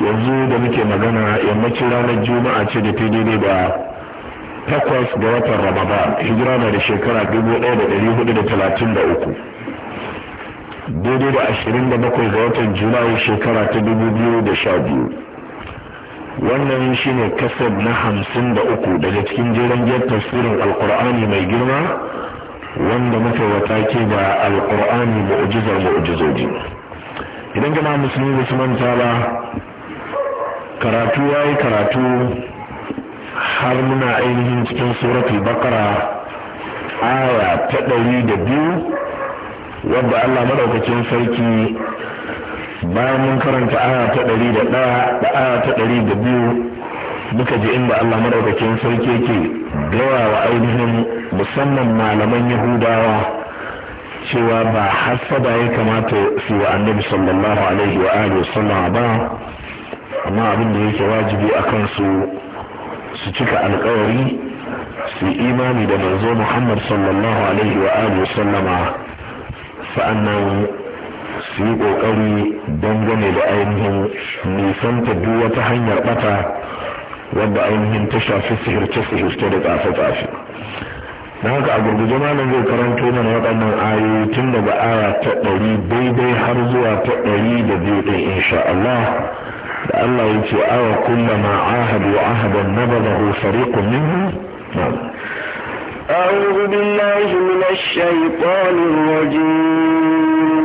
yanzu da muke magana yammacin ranar juma'a ce da daidai da takwas ga watan ramadan hijira na da shekara dubu ɗaya da ɗari hudu da talatin da uku daidai da ashirin da bakwai ga watan julai shekara ta dubu biyu da sha biyu wannan ne kasar na hamsin da uku daga cikin jeren giyar tasirin alkur'ani mai girma wanda muka wata ke da alkur'ani mu'ujizar mu'ujizoji idan gama musulmi da su manta ba karatu ya yi karatu har muna ainihin cikin suratul bakara aya ta ɗari da biyu wadda allah maɗaukacin sarki bayan mun karanta aya ta ɗari da ɗaya da aya ta ɗari da biyu muka ji inda allah maɗaukacin sarki yake gaya wa ainihin musamman malaman yahudawa cewa ba hasada ya kamata su wa annabi sallallahu alaihi wa alihi ba amma abin da yake wajibi a kansu su cika alkawari su imani da manzo muhammad sallallahu alaihi wa alihi sallama sa'annan su yi kokari dangane da ainihin nisanta duk wata hanyar bata wadda ainihin ta shafi sihirce-sihirce da tsafe-tsafe don haka a gurguje malam zai karanto mana waɗannan ayoyi tun daga aya ta ɗari daidai har zuwa ta ɗari da biyu ɗin insha Allah الله يجي أو كلما عاهدوا عهدا نبذه فريق منهم نعم أعوذ بالله من الشيطان الرجيم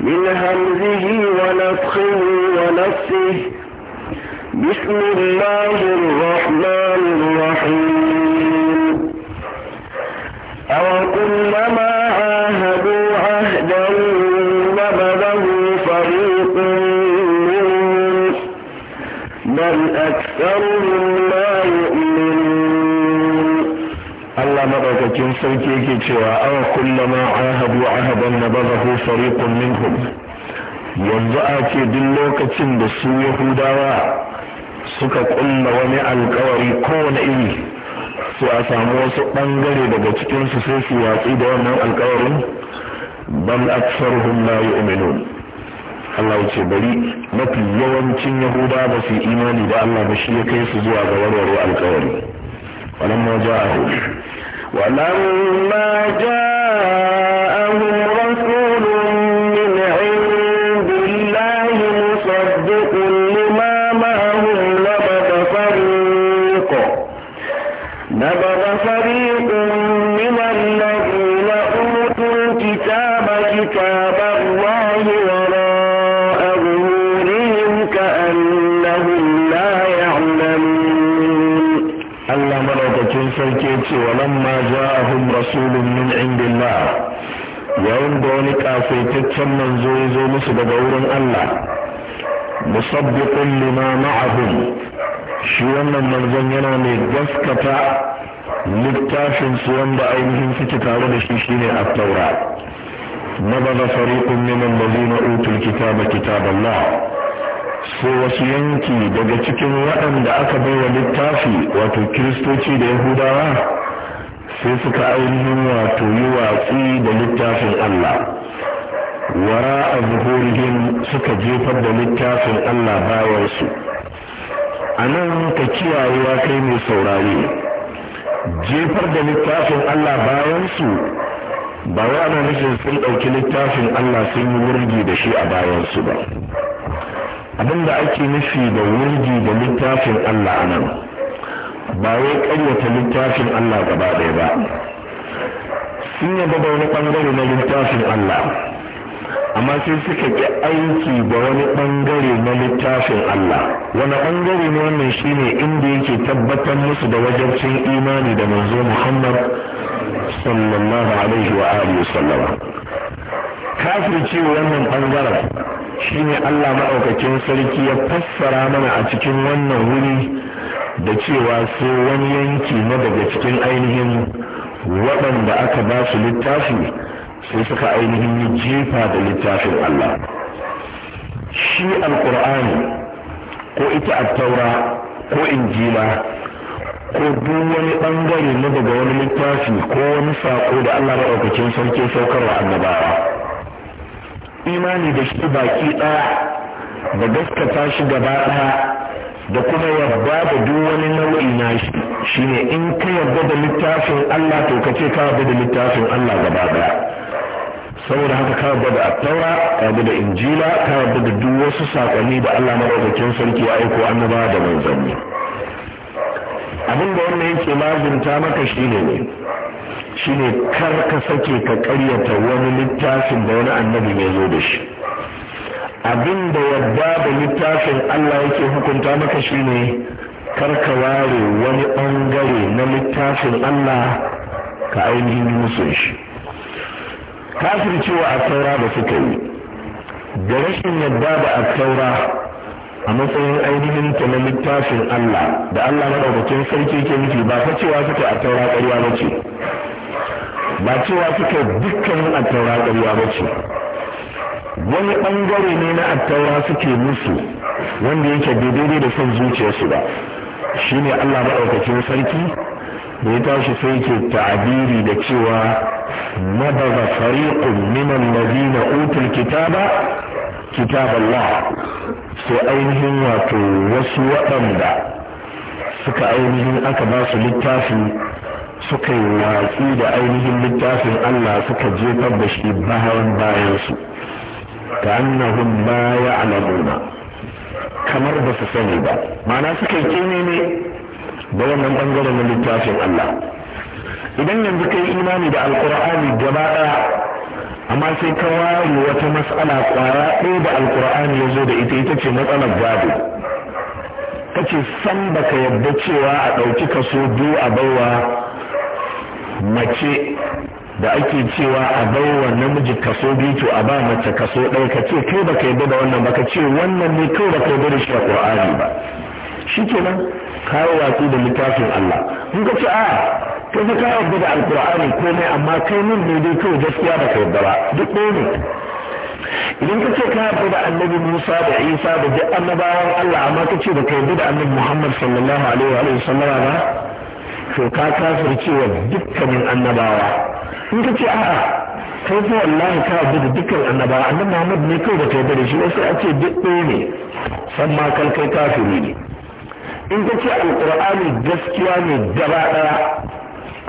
من همزه ونفخه ونفسه بسم الله الرحمن الرحيم أو كلما أكثرهم لا يؤمنون الله a سوكيك تشوى أو كلما عاهدوا عهدا نبذه فريق منهم yanzu a duk lokacin da su yahudawa suka kulla wani alkawari kowane iri su a samu wasu ɓangare daga cikinsu sai su watsi da wannan alkawarin bal aksarhum la yu'minun Allah ya ce bari mafi yawancin yahuda ba su imani da Allah ba shi ya kai su zuwa ga warware alkawari walamma ja'ahu walamma ja'ahu rasulun min indillah yayin da wani kafaitaccen manzo ya zo masu daga wurin Allah musabbiqun lima ma'ahum shi wannan manzon yana mai gaskata littafin su wanda ainihin suke tare da shi shine at-taura نبذ فريق من الذين أوتوا الكتاب كتاب الله sai wasu yanki daga cikin waɗanda aka baiwa littafi wato kiristoci da yahudawa sai suka ainihin wato yi watsi da littafin Allah wara a zuhurihin suka jefar da littafin Allah bayansu a nan ka kiyayewa kai mai saurare jefar da littafin Allah bayansu ba wa na nufin sun ɗauki littafin Allah sun yi wurgi da shi a bayansu ba abinda ake nufi da wurgi da littafin Allah a nan ba wai ƙaryata littafin Allah gaba ɗaya ba sun yaba da wani ɓangare na littafin Allah amma sai suka ƙi aiki da wani ɓangare na littafin Allah wani ɓangare ne wannan shine inda yake tabbatar musu da cin imani da manzo Muhammad sallallahu alaihi wa alihi sallama wannan ɓangaren shine Allah maɗaukakin sarki ya fassara mana a cikin wannan wuri da cewa sai wani yanki na daga cikin ainihin waɗanda aka ba su littafi sai suka ainihin yi jefa da littafin Allah shi alkur'ani ko ita attaura ko injila ko duk wani ɓangare na daga wani littafi ko wani saƙo da Allah ɗaukacin sarki saukarwa annabawa imani da shi baki ɗaya da gaskata shi gaba ɗaya da kuma yarda da duk wani nau'i na shi shine in ka yarda da littafin Allah to ka ce ka da littafin Allah gaba daya saboda haka ka yarda da attaura ka da injila ka da duk wasu sakonni da Allah madaukakin sarki ya aiko annaba da manzanni abin da wannan yake lazimta maka shine ne shine kar ka sake ka karyata wani littafin da wani annabi ya zo da shi abin da yadda da littafin Allah yake hukunta maka shi shine karka ware wani ɓangare na littafin Allah ka ainihin musu shi kafir cewa a taura da suka yi da rashin yadda da a taura a matsayin ainihin ta na littafin Allah da Allah madaukakin sarki ke nufi ba fa cewa suka a taura ƙarya ba ce ba cewa suka dukkanin a taura ƙarya ba ce wani ɓangare ne na attaura suke musu wanda yake daidai da son zuciyarsu ba shine Allah maɗaukacin sarki da ya tashi sai yake ta'abiri da cewa nabagha fariqun min alladhina utul kitaba kitab sai ainihin wato wasu waɗanda suka ainihin aka ba su littafi suka yi watsi da ainihin littafin Allah suka jefar da shi bayan bayansu ka baya ma ya'lamuna kamar ba su sani ba ma'ana suka yi ne da wannan bangaren na littafin Allah idan yanzu kai imani da alqur'ani gaba daya amma sai ka ware wata matsala kwaya ɗaya da alkur'ani ya zo da ita ita ce matsalar gado kace ce san baka yadda cewa a ɗauki kaso biyu a baiwa mace da ake cewa a baiwa namiji kaso biyu to a ba mace kaso ɗaya ka ce kai baka yarda da wannan ba ka ce wannan ne kai ka yarda da shi a Qur'ani ba shikenan kawo watsi da littafin Allah in ka ce a kai da Alqur'ani komai amma kai min ne dai kawai gaskiya baka yarda ba duk ɗaya ne idan ka ce ka yarda da annabi Musa da Isa da duk annabawan Allah amma ka ce baka yarda da annabi Muhammad sallallahu alaihi wa sallama ba to ka cewa dukkanin annabawa in ka ce a'a kai fa wallahi ka da dukkan annabawa annabi Muhammad ne kai da kai da shi wasu a ce duk ɗaya ne san ma kan kai kafiri ne in ka ce alqur'ani gaskiya ne gaba ɗaya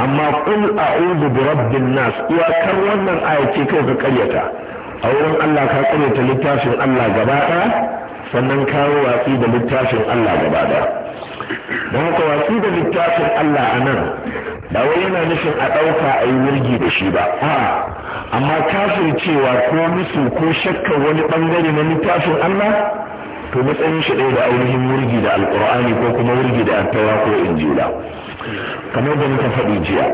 amma qul a'udhu bi rabbin nas iyakar wannan aya ce kai ka karyata a wurin Allah ka karyata littafin Allah gaba ɗaya sannan kawo watsi da littafin Allah gaba ɗaya don haka watsi da littafin Allah a nan ba wai yana nufin a ɗauka a yi wurgi da shi ba amma kafin cewa ko musu ko shakka wani ɓangare na littafin Allah to matsayin shi ɗaya da ainihin wurgi da alƙur'ani ko kuma wurgi da As-tawa ko injila kamar da muka faɗi jiya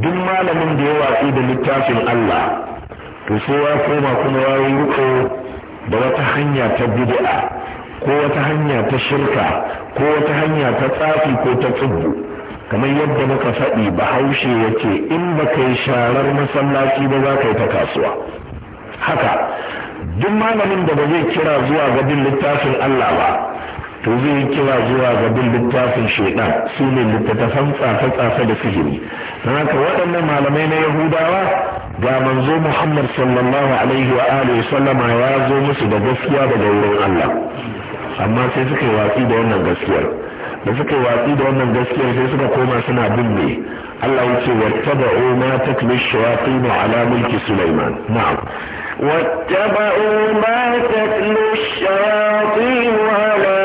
duk malamin da ya watsi da littafin Allah to sai ya koma kuma ya yi da wata hanya ta bid'a ko wata hanya ta shirka ko wata hanya ta tsafi ko ta tsubbu kamar yadda muka faɗi bahaushe ya ce in ba yi sharar masallaci ba za ka yi ta kasuwa haka duk malamin da ba zai kira zuwa gabin littafin Allah ba to zai kira zuwa gabin littafin shaidan su ne littattafan tsafe-tsafe da sihiri don haka waɗannan malamai na yahudawa ga manzo muhammad sallallahu alaihi wa alihi sallama ya zo musu da gaskiya daga wurin Allah amma sai suka yi watsi da wannan gaskiyar da suka yi watsi da wannan gaskiyar sai suka koma suna bin me Allah ya ce wattaba'u ma taklish shayatin ala mulki Sulaiman na'am wattaba'u ma taklish shayatin ala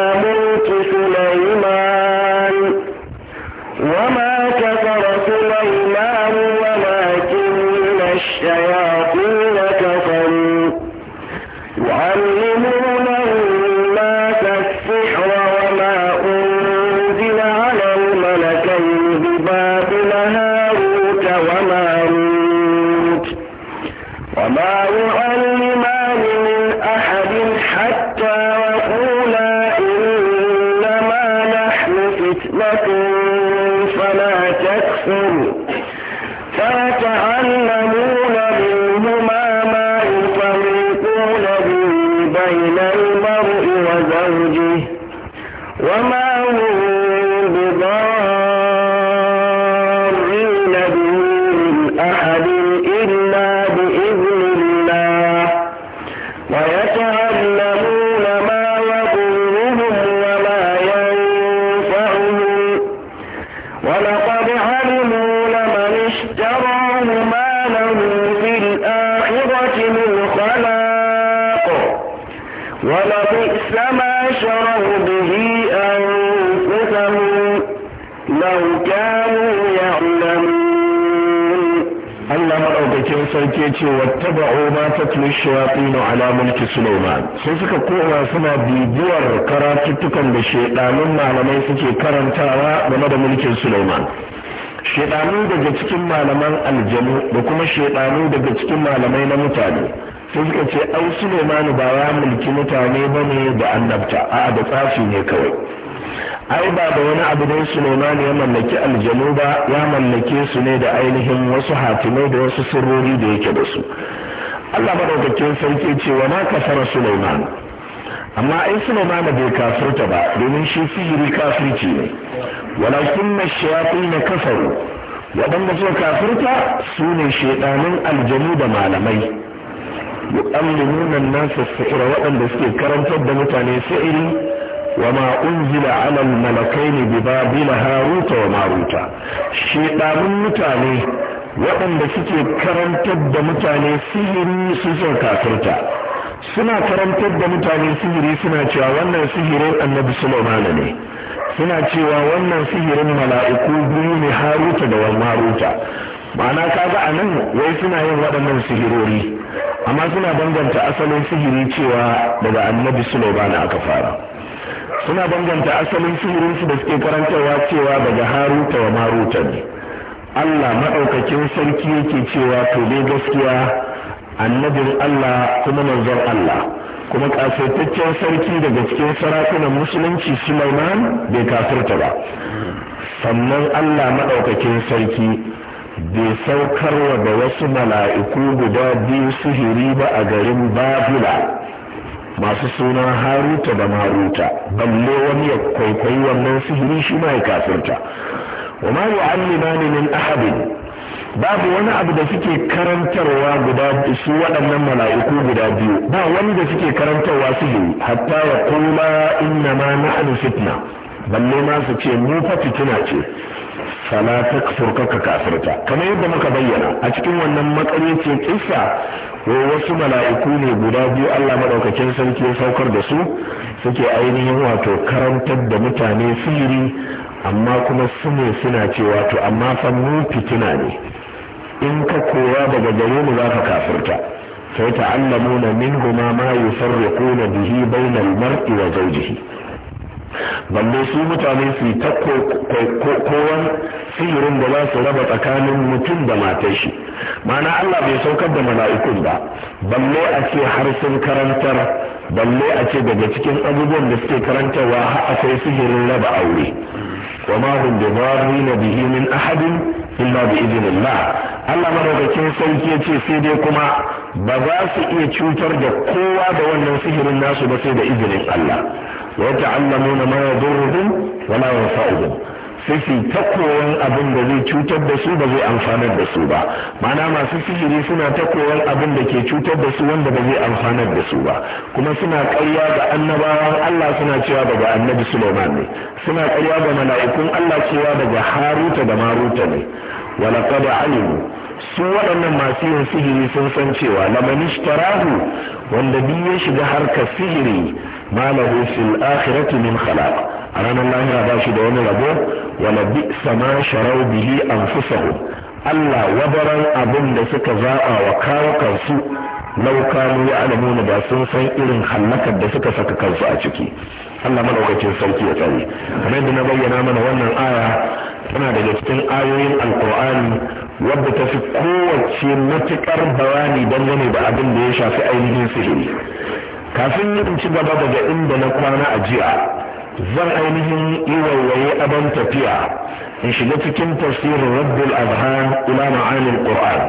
tatlu shayatin ala mulki Sulaiman sai suka koma suna bibiyar karatuttukan da shedanun malamai suke karantawa game da mulkin Sulaiman shedanu daga cikin malaman aljanu da kuma shedanu daga cikin malamai na mutane sai suka ce ai Sulaiman ba ya mulki mutane bane da annabta a'a da tsafi ne kawai ai ba da wani abu dai Sulaiman ya mallaki aljanu ba ya mallake su ne da ainihin wasu hatimai da wasu sirrori da yake da su Allah maɗaukakin sarki ce wa ma kasara Sulaiman amma ai Sulaiman bai kafirta ba domin shi sihiri kafirci ne walakin na kafaru waɗanda suka kafirta su ne shaidanin aljanu da malamai yu'allimuna an-nasa sihra waɗanda suke karantar da mutane sihiri وما أنزل على الملكين haruta wa maruta, شيطان mutane. waɗanda suke karantar da mutane sihiri suke kafirta suna karantar da mutane sihiri suna cewa wannan sihirin annabi Sulaiman ne suna cewa wannan sihirin mala'iku biyu ne haruta da haruta ma'ana kaga a nan wai suna yin waɗannan sihirori amma suna danganta asalin sihiri cewa daga annabi Sulaiman aka fara suna danganta asalin sihirinsu da suke karantarwa cewa daga haruta wa maruta ne Allah maɗaukakin sarki yake cewa to ne gaskiya annabin Allah kuma manzon Allah kuma kasaitaccen sarki daga cikin sarakunan musulunci Sulaiman bai kafirta ba sannan Allah maɗaukakin sarki bai saukarwa da wasu mala'iku guda biyu sihiri ba a garin Babila masu suna Haruta da Maruta balle wani ya kwaikwayi wannan sihiri shi ma ya kafirta wa ma yu'allimani min ahadin babu wani abu da suke karantarwa guda su waɗannan mala'iku guda biyu ba wani da suke karantarwa su yi hatta wa kuma inna ma na'anu fitna balle ma su ce mu fa fitina ce fala takfur ka kafirta kamar yadda muka bayyana a cikin wannan makaryace kissa ko wasu mala'iku ne guda biyu Allah madaukakin sarki ya saukar da su suke ainihin wato karantar da mutane sihiri amma kuma su ne suna cewa to amma fa fitina ne in ka koya daga gare mu za ka kafirta sai min guma ma yufarriquna bihi bainal mar'i wa zawjihi balle su mutane su ta kowan sihirin da za su raba tsakanin mutum da matar shi mana Allah bai saukar da mala'ikun ba balle a ce har sun karantar balle a ce daga cikin abubuwan da suke karantarwa har akwai sihirin raba aure wa ma hum bi dharrin bihi min ahadin illa bi idnillah Allah madaukakin sarki ya ce sai dai kuma ba za su iya cutar da kowa da wannan sihirin nasu ba sai da izinin Allah wa ta'allamuna ma yadurruhum wa la ugu. sai ta koyon abin da zai cutar da su ba zai amfanar da su ba mana masu sihiri suna ta koyon abin da ke cutar da su wanda ba zai amfanar da su ba kuma suna karya ga annabawan Allah suna cewa daga annabi Sulaiman ne suna karya ga mala'ikun Allah cewa daga Haruta da Maruta ne walaqad alimu su waɗannan masu yin sihiri sun san cewa lamanishtarahu wanda biye ya shiga harkar sihiri ma lahu fil akhirati min khalaq a ranar lahira ba shi da wani rabo wala bi sama sharau bihi anfusahum Allah wadaran abin da suka zaɓa wa kawukansu laukanu ya alamuna ba sun san irin hallakar da suka saka kansu a ciki Allah madaukakin sarki ya tsare kamar yadda na bayyana mana wannan aya tana daga cikin ayoyin alkur'ani wadda ta fi kowace matukar bayani dangane da abin da ya shafi ainihin sihiri kafin yin ci gaba daga inda na kwana a jiya zan ainihin yi waiwaye abin tafiya in shiga cikin tafsirin rabbul azhan ila ma'anil qur'an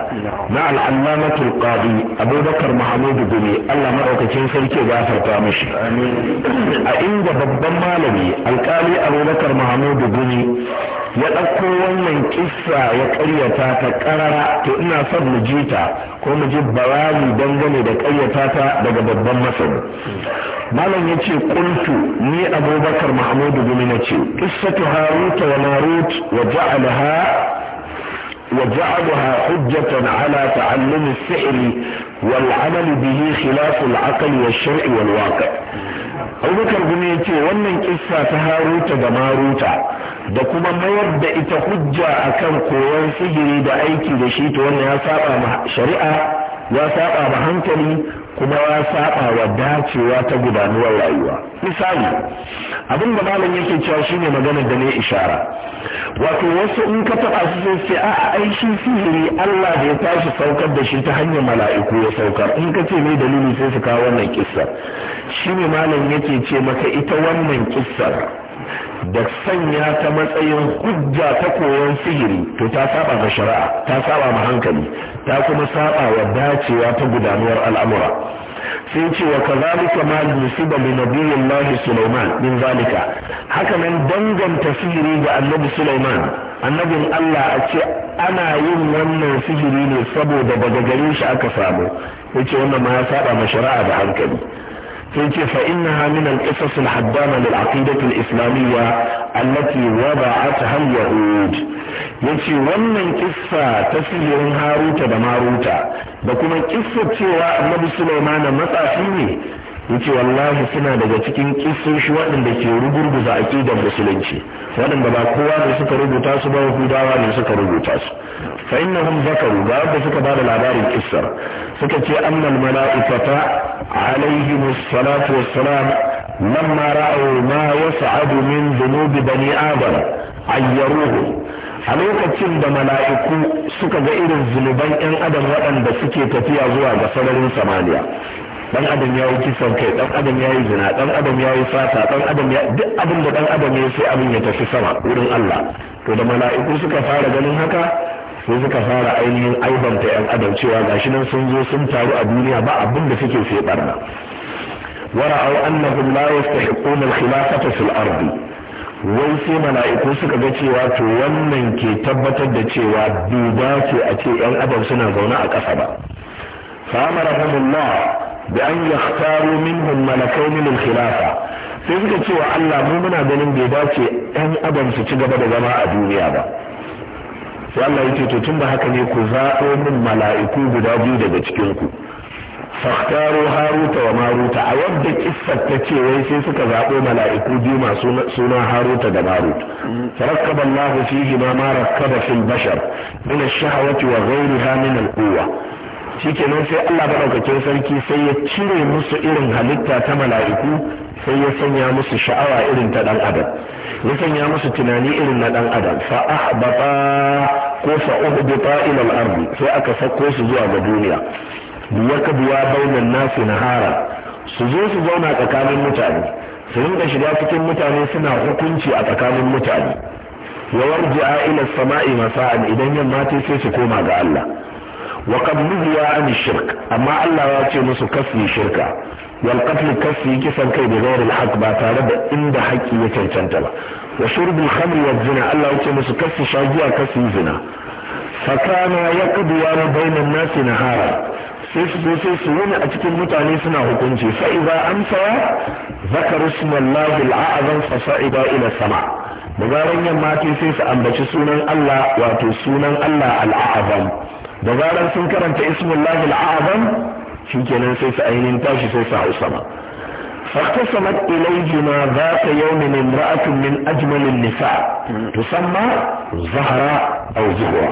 na al'allamatul qadi abubakar mahmud gumi allah madaukakin sarki gafarta mashi. a inda babban malami alkali abubakar mahmud gumi ya ɗauko wannan kissa ya ƙaryata ta ƙarara to ina son mu ta ko mu ji dangane da ƙaryata ta daga babban masani malam ya ce kuntu ni abubakar mahmud gumi na ce kissatu haruta wa marut وجعلها وجعلها حجة على تعلم السحر والعمل به خلاف العقل والشرع والواقع أو ذكر بنيتي ومن كسا تهاروت دماروت دكما ما يبدأ تحجة أكم قوان سجري دعيك دشيت ومن يا ساقى شريعة يا ساقى بحنكني kuma ya saba wa dacewa ta gudanuwar rayuwa misali abin da malam yake cewa shine maganar da ne ishara wato wasu in ka taba su sai sai a ai sihiri Allah da ya tashi saukar da shi ta hanyar mala'iku ya saukar in ka ce me dalili sai su kawo wannan kissa shine malam yake ce maka ita wannan kissar da sanya ta matsayin hujja ta koyon sihiri to ta saba ga shari'a ta saba ma hankali ta kuma saba wa dacewa ta gudanuwar al'amura sai ce wa kazalika ma yusiba li nabiyillahi sulaiman min zalika haka nan danganta sihiri ga annabi sulaiman annabin Allah a ce ana yin wannan sihiri ne saboda daga gare shi aka samu yace wannan ma ya saba ma shari'a da hankali يقول فإنها من القصص الحدامة a الإسلامية التي وضعتها اليهود yace wannan kissa ta sihirin haruta da maruta da kuma kissa cewa annabi sulaimana matsafi ne yace wallahi suna daga cikin kissoshi waɗanda ke rugurguza aqidar musulunci waɗanda ba kowa ne suka rubuta su ba hudawa ne suka rubuta su fa innahum zakaru ga wanda suka da labarin kissar suka ce annal mala'ikata عليهم الصلاة والسلام لما رأوا ما يصعد من ذنوب بني آدم عيروه a lokacin da mala'iku suka ga irin zunuban 'yan adam waɗanda suke tafiya zuwa ga sararin samaniya dan adam ya yi kisan kai Ɗan adam ya yi zina Ɗan adam ya yi fata ɗan adam ya duk abin da adam ya sai abin ya tafi sama wurin Allah to da mala'iku suka fara ganin haka sai suka fara ainihin aibanta yan adam cewa gashi nan sun zo sun taru a duniya ba abin da suke sai barna au annahum la yastahiquna al-khilafata fil ardi wai sai mala'iku suka ga cewa to wannan ke tabbatar da cewa duba ce a ce yan adam suna zaune a ƙasa ba fa'amarahumullah da an yakhtaru minhum malakaini lil khilafa sai suka ce wa Allah mu muna ganin bai dace yan adam su ci gaba da zama a duniya ba sai Allah ya ce to tun da haka ne ku zaɓo min mala'iku guda biyu daga cikin ku fakhtaro haruta wa maruta a wadda kissar ta ce wai sai suka zaɓo mala'iku biyu masu suna haruta da marut farakkaba lahu fihi ma ma rakkaba fil bashar min ash-shahwati wa ghayriha min al-quwwa shikenan sai Allah madaukakin sarki sai ya cire musu irin halitta ta mala'iku sai ya sanya musu sha'awa irin ta dan adam ya sanya musu tunani irin na dan adam fa ahbata ko fa uhbita ila al sai aka sako su zuwa ga duniya liyakduwa bainan nasi nahara su zo su zauna tsakanin mutane su rinka shiga cikin mutane suna hukunci a tsakanin mutane wa warji'a ila sama'i masa'an idan yamma ce sai su koma ga Allah wa qad nuhiya an shirk amma Allah ya ce musu kasni shirka wal qatl kasfi kisan kai da ghairil haqq ba tare da inda haƙƙi ya cancanta ba wa shurbul khamri wa zina Allah ya ce musu kasfi shagiya kasfi zina fa kana yaqdu wa bainan nasi nahara sai su zo sai su wuni a cikin mutane suna hukunci fa idza amsa zakaru ismallahi al'azam fa sa'ida ila sama da zaran yamma sai su ambaci sunan Allah wato sunan Allah al'azam da zaran sun karanta ismullahi al'azam shikenan sai su ainihin tashi sai su hau sama fakasamat ilaijina za ta yau ne mimra'atun min ajmalin nisa musamman zahara au zuwa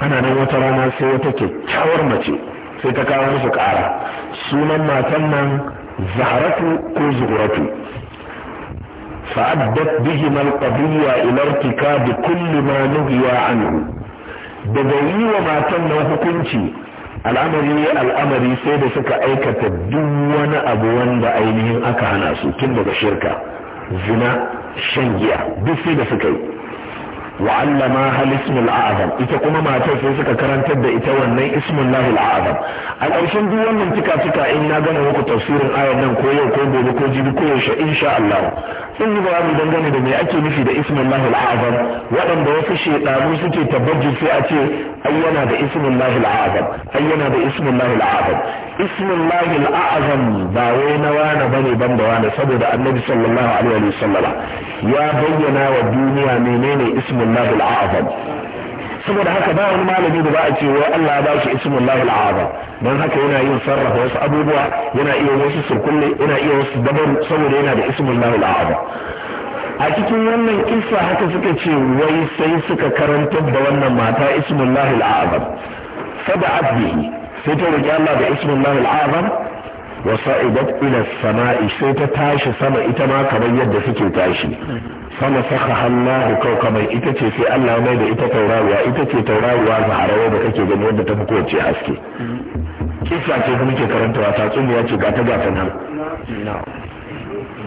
ana nan wata rana sai wata kyakkyawar mace sai ta kawo musu kara sunan matan nan Zahratu ko zuhuratu fa'addat bihi mal qadiyya ila irtikabi kulli ma nuhiya anhu daga yi wa matan nan hukunci al'amari al'amari sai da suka aikata duk wani abu wanda ainihin aka hana su tun daga shirka zina shan giya duk sai da suka yi wa allama hal ismul a'zam ita kuma matar sai suka karantar da ita wannan ismun lahil a'zam a ƙarshen duk wannan cika cika in na gama muku tafsirin ayar nan ko yau ko gobe ko jibi ko yaushe insha Allah sun yi bayani dangane da me ake nufi da ismul lahil a'zam waɗanda wasu shedanu suke tabbaji sai a ce ayyana yana da ismun lahil a'zam da ismun lahil a'zam ismin lahil ba wai na wane bane ban da wane saboda annabi sallallahu alaihi wa sallama ya bayyana wa duniya menene ismin lahil saboda haka ba wani malami da za a ce wai Allah ba shi ismin lahil a'azam don haka yana yin sarrafa wasu abubuwa yana iya wasu surkulle yana iya wasu dabar saboda yana da ismin lahil a cikin wannan kisa haka suka ce wai sai suka karantar da wannan mata ismin lahil a'azam fada sai ta roƙi Allah da ismin lahul azam wa sa'idat ila sama'i sai ta tashi sama ita ma kamar yadda suke tashi sama saka hannahu kau kamar ita ce sai Allah mai da ita tauraruwa ita ce tauraruwa zaharawa da kake gani wadda ta fi kowace haske kisa ce kuma ke karantawa ta tsuniya ce gata gata nan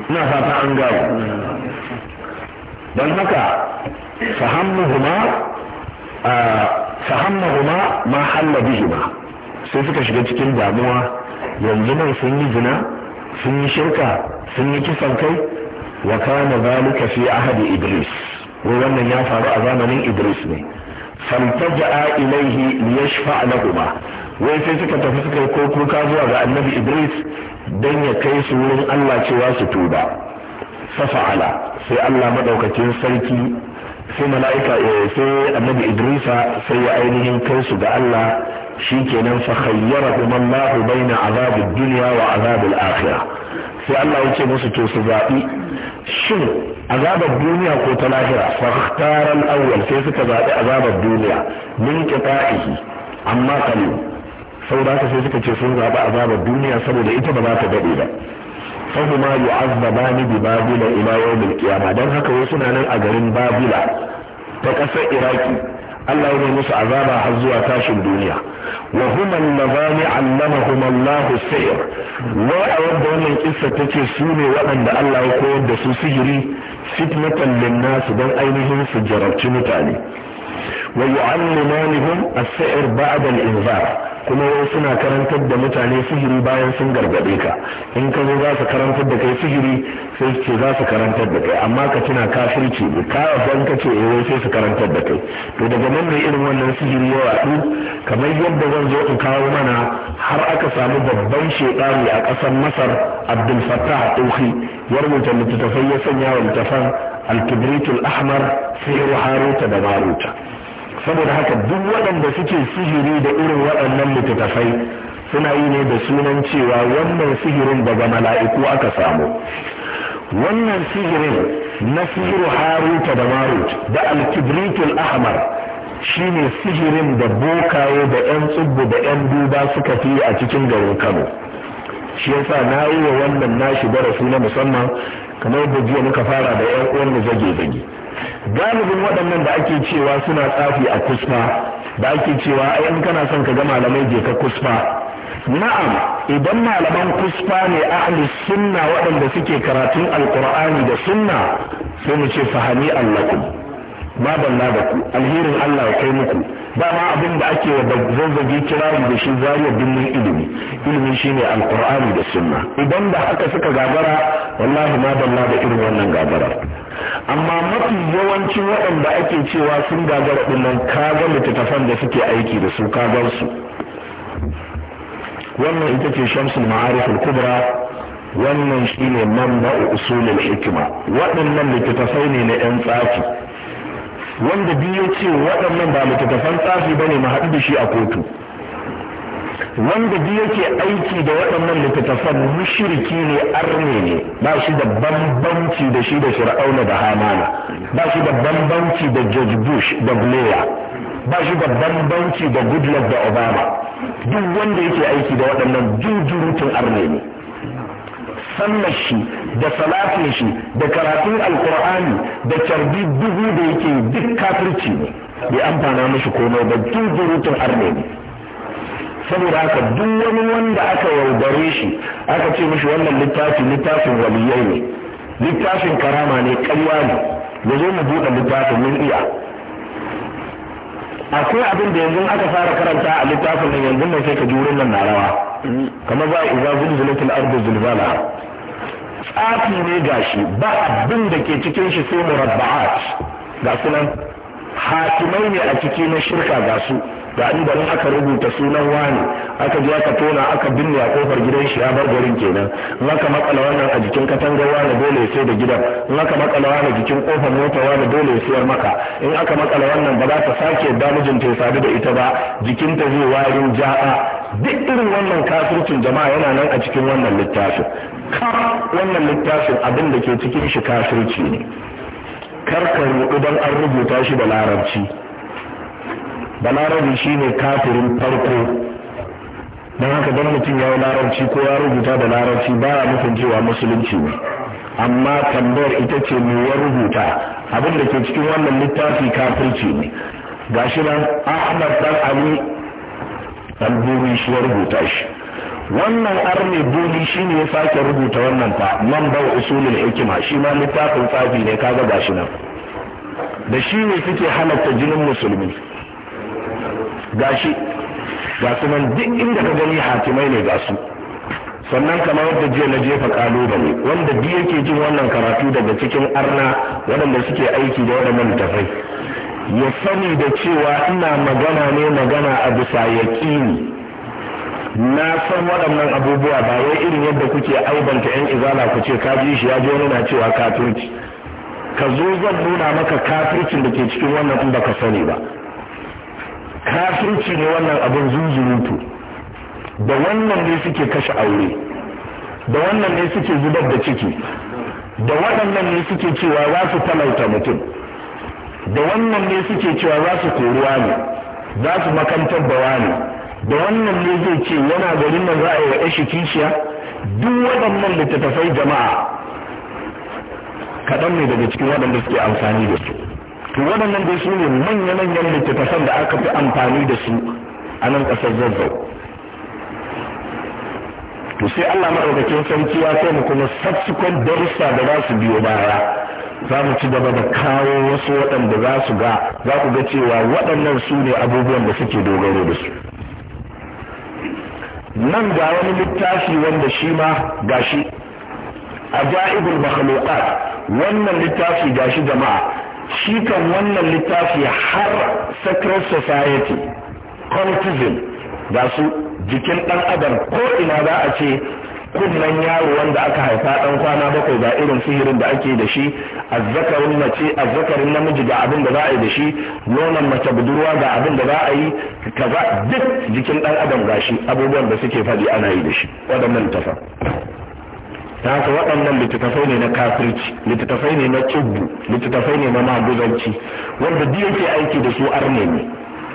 ina fata an gawo don haka fahammuhuma huma ma halla bihima sai suka shiga cikin damuwa yanzu nan sun yi zina sun yi shirka sun yi kisan kai wa kana zalika fi ahadi idris wai wannan ya faru a zamanin idris ne faltaja'a ilaihi liyashfa lahuma wai sai suka tafi suka yi kuka zuwa ga annabi idris dan ya kai su wurin allah cewa su tuba fafa'ala sai allah madaukakin sarki sai mala'ika eh, sai annabi idrisa sai ya ainihin kai su ga allah shi kenan fa khayyarahum allah baina azabid dunya wa azabin akhirah sai allah ya ce musu to su zaɓi shin azabar duniya ko ta lahira fa ikhtaral awwal sai suka zaɓi azabar duniya min qita'ihi amma qalil saboda haka sai suka ce sun zaɓi azabar duniya saboda ita ba za ta daɗe ba fahuma yu'azzabani bi babila ila yawmil qiyamah dan haka wasu suna nan a garin babila ta ƙasar iraki Allah ya musu azaba har zuwa tashin duniya wa huma allazani allamahum Allah wa a yadda wannan kissa tace su ne waɗanda Allah ya koyar da su sihiri fitnatan nasu dan ainihin su jarabci mutane wa yu'allimanihum as-sihr ba'da al-inzar kuma wai suna karantar da mutane sihiri bayan sun gargaɗe ka in ka zo za su karantar da kai sihiri sai su ce za su karantar da kai amma ka tuna kafirci ne ka ban ka ce eh sai su karantar da kai to daga nan ne irin wannan sihiri ya waɗu kamar yadda zan zo in kawo mana har aka samu babban shekari a ƙasar masar abdul fattah ɗauki ya rubuta littattafai ya sanya wa littattafan al-kibritul ahmar sihir haruta da maruta saboda haka duk waɗanda suke sihiri da irin waɗannan littattafai suna yi ne da sunan cewa wannan sihirin daga mala'iku aka samu wannan sihirin na sihiru haruta da marut da alkibritul ahmar shine sihirin da bokaye da 'yan tsubbu da 'yan duba suka fi a cikin garin kano shi yasa na yi wa wannan nashi darasi na musamman kamar da jiya muka fara da 'yan uwan mu zage-zage galibin waɗannan da ake cewa suna tsafi a kusfa da ake cewa ai in kana son ka ga malamai je ka kusfa na'am idan malaman kusfa ne ahlus sunna waɗanda suke karatun alqur'ani da sunna sai mu ce fahami allakum ma balla da ku alherin Allah kai muku ma abin da ake wa zazzage kirari da shi zariya birnin ilimi ilimi shine alqur'ani da sunna idan da haka suka gabara wallahi ma balla da irin wannan gabarar amma mafi yawancin waɗanda ake cewa sun gagara waɗannan kaga littattafan da suke aiki da su kagansu. su wannan ita ce shamsul ma'arif kubra wannan shine manba usulul hikima waɗannan littattafai ne na 'yan tsafi wanda biyu ce waɗannan ba littattafan tsafi ba mu haɗu da shi a kotu wanda duk yake aiki da waɗannan littattafan mushriki ne arne ne ba shi da bambanci da shi da fir'auna da hamana ba shi da bambanci da george bush da blair ba shi da bambanci da goodluck da obama duk wanda yake aiki da waɗannan jujurutun arme ne sannan shi da salatin shi da karatun alkur'ani da carbi dubu da yake duk kafirci ne bai amfana mashi komai ba jujurutun arme ne saboda haka duk wani wanda aka yaudare shi aka ce mishi wannan littafi littafin waliyai ne littafin karama ne ƙarya ne ya zo mu buɗe littafin mun iya akwai abin da yanzu aka fara karanta a littafin nan yanzu nan sai ka ji wurin nan na rawa kamar ba iza zulzulatul ardu zulzala tsafi ne gashi ba abin da ke cikin shi sai murabba'at ga sunan hakimai ne a ciki na shirka ga su da an aka rubuta sunan wani aka je aka tona aka binne a kofar gidan shi ya bar garin kenan in aka makala wannan a jikin katangar wani dole ya sai da gidan in aka makala wani jikin kofar mota wani dole ya sayar maka in aka makala wannan ba za ta sake yadda mijinta ya sadu da ita ba jikinta zai warin ja'a duk irin wannan kafircin jama'a yana nan a cikin wannan littafin kar wannan littafin abin da ke cikin shi kafirci ne kar ka ruɗu don an rubuta shi da larabci balarabi ne kafirin farko don haka don mutum ya yi larabci ko ya rubuta da larabci baya nufin cewa musulunci ne amma tambayar ita ce mai ya rubuta abin da ke cikin wannan littafi kafirci ne Ga shi nan ahmad dan ali albuni shi ya rubuta shi wannan arne buri shi ne ya sake rubuta wannan fa man ba usulul hikima shi ma littafin tsafi ne kaga gashi nan da shi ne suke halatta jinin musulmi gashi ga su nan duk inda ka gani hakimai ne ga su sannan kamar yadda jiya na jefa kalubale wanda duk yake jin wannan karatu daga cikin arna waɗanda suke aiki da waɗannan tafai ya sani da cewa ina magana ne magana a bisa yaƙini na san waɗannan abubuwa ba wai irin yadda kuke aibanta yan izala ku ce ka ji shi ya ji wani na cewa kafirci ka zo zan nuna maka kafircin da ke cikin wannan in baka sani ba kafirci ne wannan abin zunzurutu da wannan ne suke kashe aure da wannan ne suke zubar da ciki da waɗannan ne suke cewa za su talauta mutum da wannan ne suke cewa za su koruwa ne za su makantar da wani da wannan ne zai ce yana garin nan za a yi wa yashi kishiya duk waɗannan littattafai jama'a kaɗan ne daga cikin waɗanda suke amfani da su to waɗannan dai su ne manya-manyan littattafan da aka fi amfani da su a nan ƙasar zazzau to sai Allah ma'aikacin sarki ya kai mu kuma subsequent darussa da za su biyo baya za mu ci gaba da kawo wasu waɗanda za su ga za ku ga cewa waɗannan su ne abubuwan da suke dogaro da su nan ga wani littafi wanda shi ma gashi ja'ibul makhluqat wannan littafi gashi jama'a shi kan wannan littafi har sacred society cultism ga su jikin ɗan adam ko ina za a ce kunnan yaro wanda aka haifa ɗan kwana bakwai ga irin sihirin da ake da shi azzakarin mace azzakarin namiji ga abin da za a yi da shi nonon mace budurwa ga abin da za a yi kaza duk jikin ɗan adam gashi abubuwan da suke faɗi ana yi da shi waɗannan tafa ta haka waɗannan littattafai ne na kafirci littattafai ne na cibbu littattafai ne na maguzanci wanda biyu ke aiki da su arne ne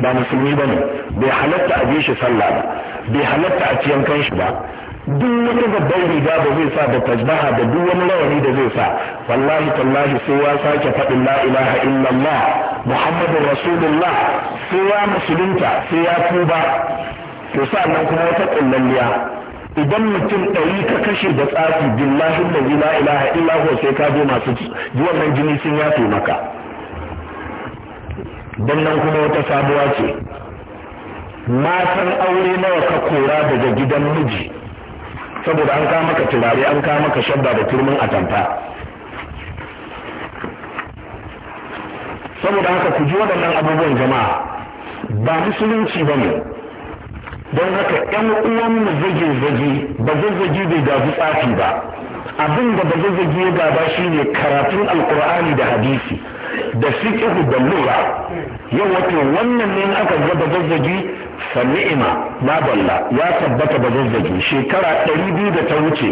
ba musulmi ba ne bai halatta a bi shi sallah ba bai halatta a ciyan kanshi ba duk wani babban riga da zai sa da tasbaha da duk wani lawani da zai sa wallahi tallahi sai ya sake faɗin la ilaha illallah muhammadun rasulullah sai ya musulunta sai ya tuba to sa'annan kuma wata kullalliya idan mutum ɗari ka kashe da tsafi billahi da la ilaha illa huwa sai ka zo masu nan jini sun yafe maka Don nan kuma wata sabuwa ce matan aure nawa ka kora daga gidan miji saboda an kama ka turare an kama ka shabba da turmin atamfa saboda haka ku ji waɗannan abubuwan jama'a ba musulunci ba ne don haka yan uwan mu zage zage ba zage bai gabu tsafi ba abin da ba zage ya gaba shi ne karatun alkur'ani da hadisi da fiqhu da lura yau wato wannan ne aka ga ba zazzagi, fa ma balla ya tabbata ba zage shekara ɗari biyu da ta wuce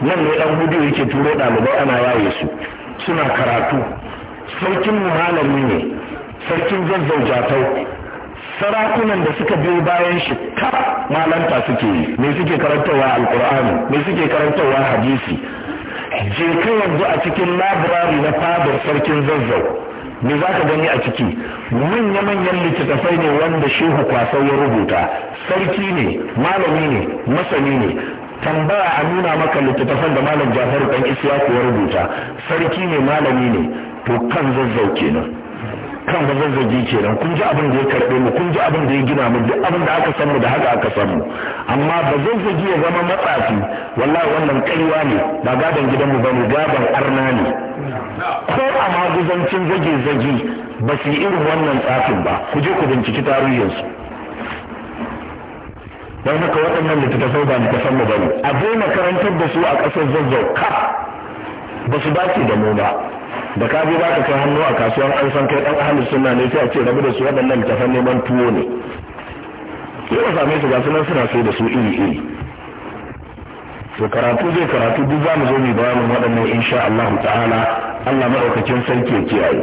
nan ne dan hudu yake turo ɗalibai ana yaye su suna karatu sarkin malami ne sarkin zazzau jatau sarakunan da suka biyo bayan shi ka malanta suke yi me suke karantarwa alkur'ani me suke karantarwa hadisi je ka yanzu a cikin labirari na fadar sarkin zazzau me za ka gani a ciki manya-manyan littattafai ne wanda shehu kwasau ya rubuta sarki ne malami ne masani ne tambaya a nuna maka littattafan da malam jafaru kan isiyaku ya rubuta sarki ne malami ne to kan zazzau kenan kan bazazzagi kenan kun ji abin da ya karɓe mu kun ji abin da ya gina mu duk abin da aka san mu da haka aka san mu amma bazazzagi ya zama matsafi wallahi wannan karyawa ne ba gadon gidanmu ba ne gaban arna ne ko a maguzancin zage-zage ba su yi irin wannan tsafin ba ku je ku binciki tarihinsu don haka waɗannan littattafai ba san mu ba ne a daina karantar da su a ƙasar zazzau ka ba su dace da mu ba da ka je baka kai hannu a kasuwar an san kai dan ahlus sunna ne sai a ce rabu da su waɗannan tafan neman tuwo ne ko ba same su ga sunan suna sai da su iri iri to karatu zai karatu duk za mu zo mu bayanin waɗannan insha Allah ta'ala Allah madaukakin sarki ya kiyaye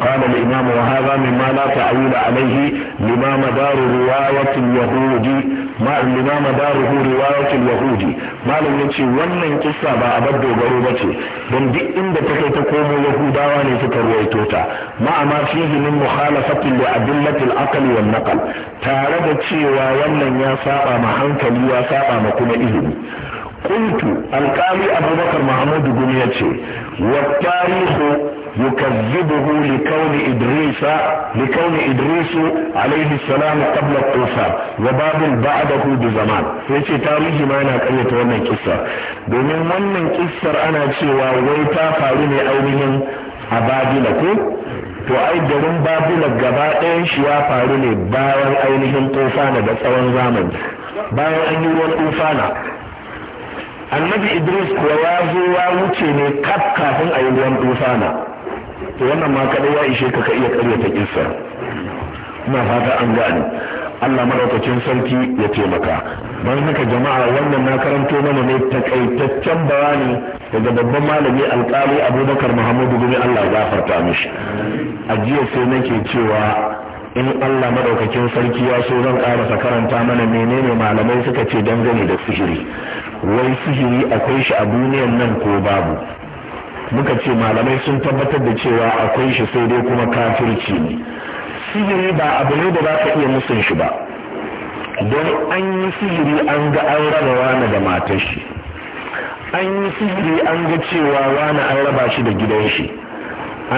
qala al-imam wa hadha mimma la ta'awila alayhi lima madaru riwayat al-yahudi ma riwayat al-yahudi malam yace wannan kissa ba a bar dogaro bace don duk inda ta kai ta komo yahudawa ne suka ruwaito ta ma ma fihi min mukhalafati li adillati al-aqli wal naql tare da cewa wannan ya saba ma hankali ya saba ma kuma ilimi قلت القاضي أبو بكر محمود بنيتي والتاريخ يكذبه لكون إدريس لكون إدريس عليه السلام قبل الطوفان وبابل بعده بزمان yace tarihi ma yana ƙaryata wannan kissa domin wannan kissar ana cewa wai ta faru ne ainihin a babila to ai garin babila gaba ɗayan shi ya faru ne bayan ainihin tufana da tsawon zamani bayan an yi ruwan tufana annabi idris kuwa ya zo ya wuce ne kaf kafin a yi ruwan tufana to wannan ma kadai ya ishe ka ka iya ta kissa ina fata an gane Allah madaukakin sarki ya taimaka don haka jama'a wannan na karanto mana ne takaitaccen bayani daga babban malami alkali abubakar muhammadu gumi Allah gafarta mishi a jiya sai nake cewa in Allah madaukakin sarki ya so zan karasa karanta mana menene malamai suka ce dangane da sihiri wai sihiri akwai shi a duniyan nan ko babu muka ce malamai sun tabbatar da cewa akwai shi sai dai kuma kafirci ne sihiri ba abu ne da za ka iya musun shi ba don an yi sihiri an ga an raba wani da matar shi an yi sihiri an ga cewa wani an raba shi da gidan shi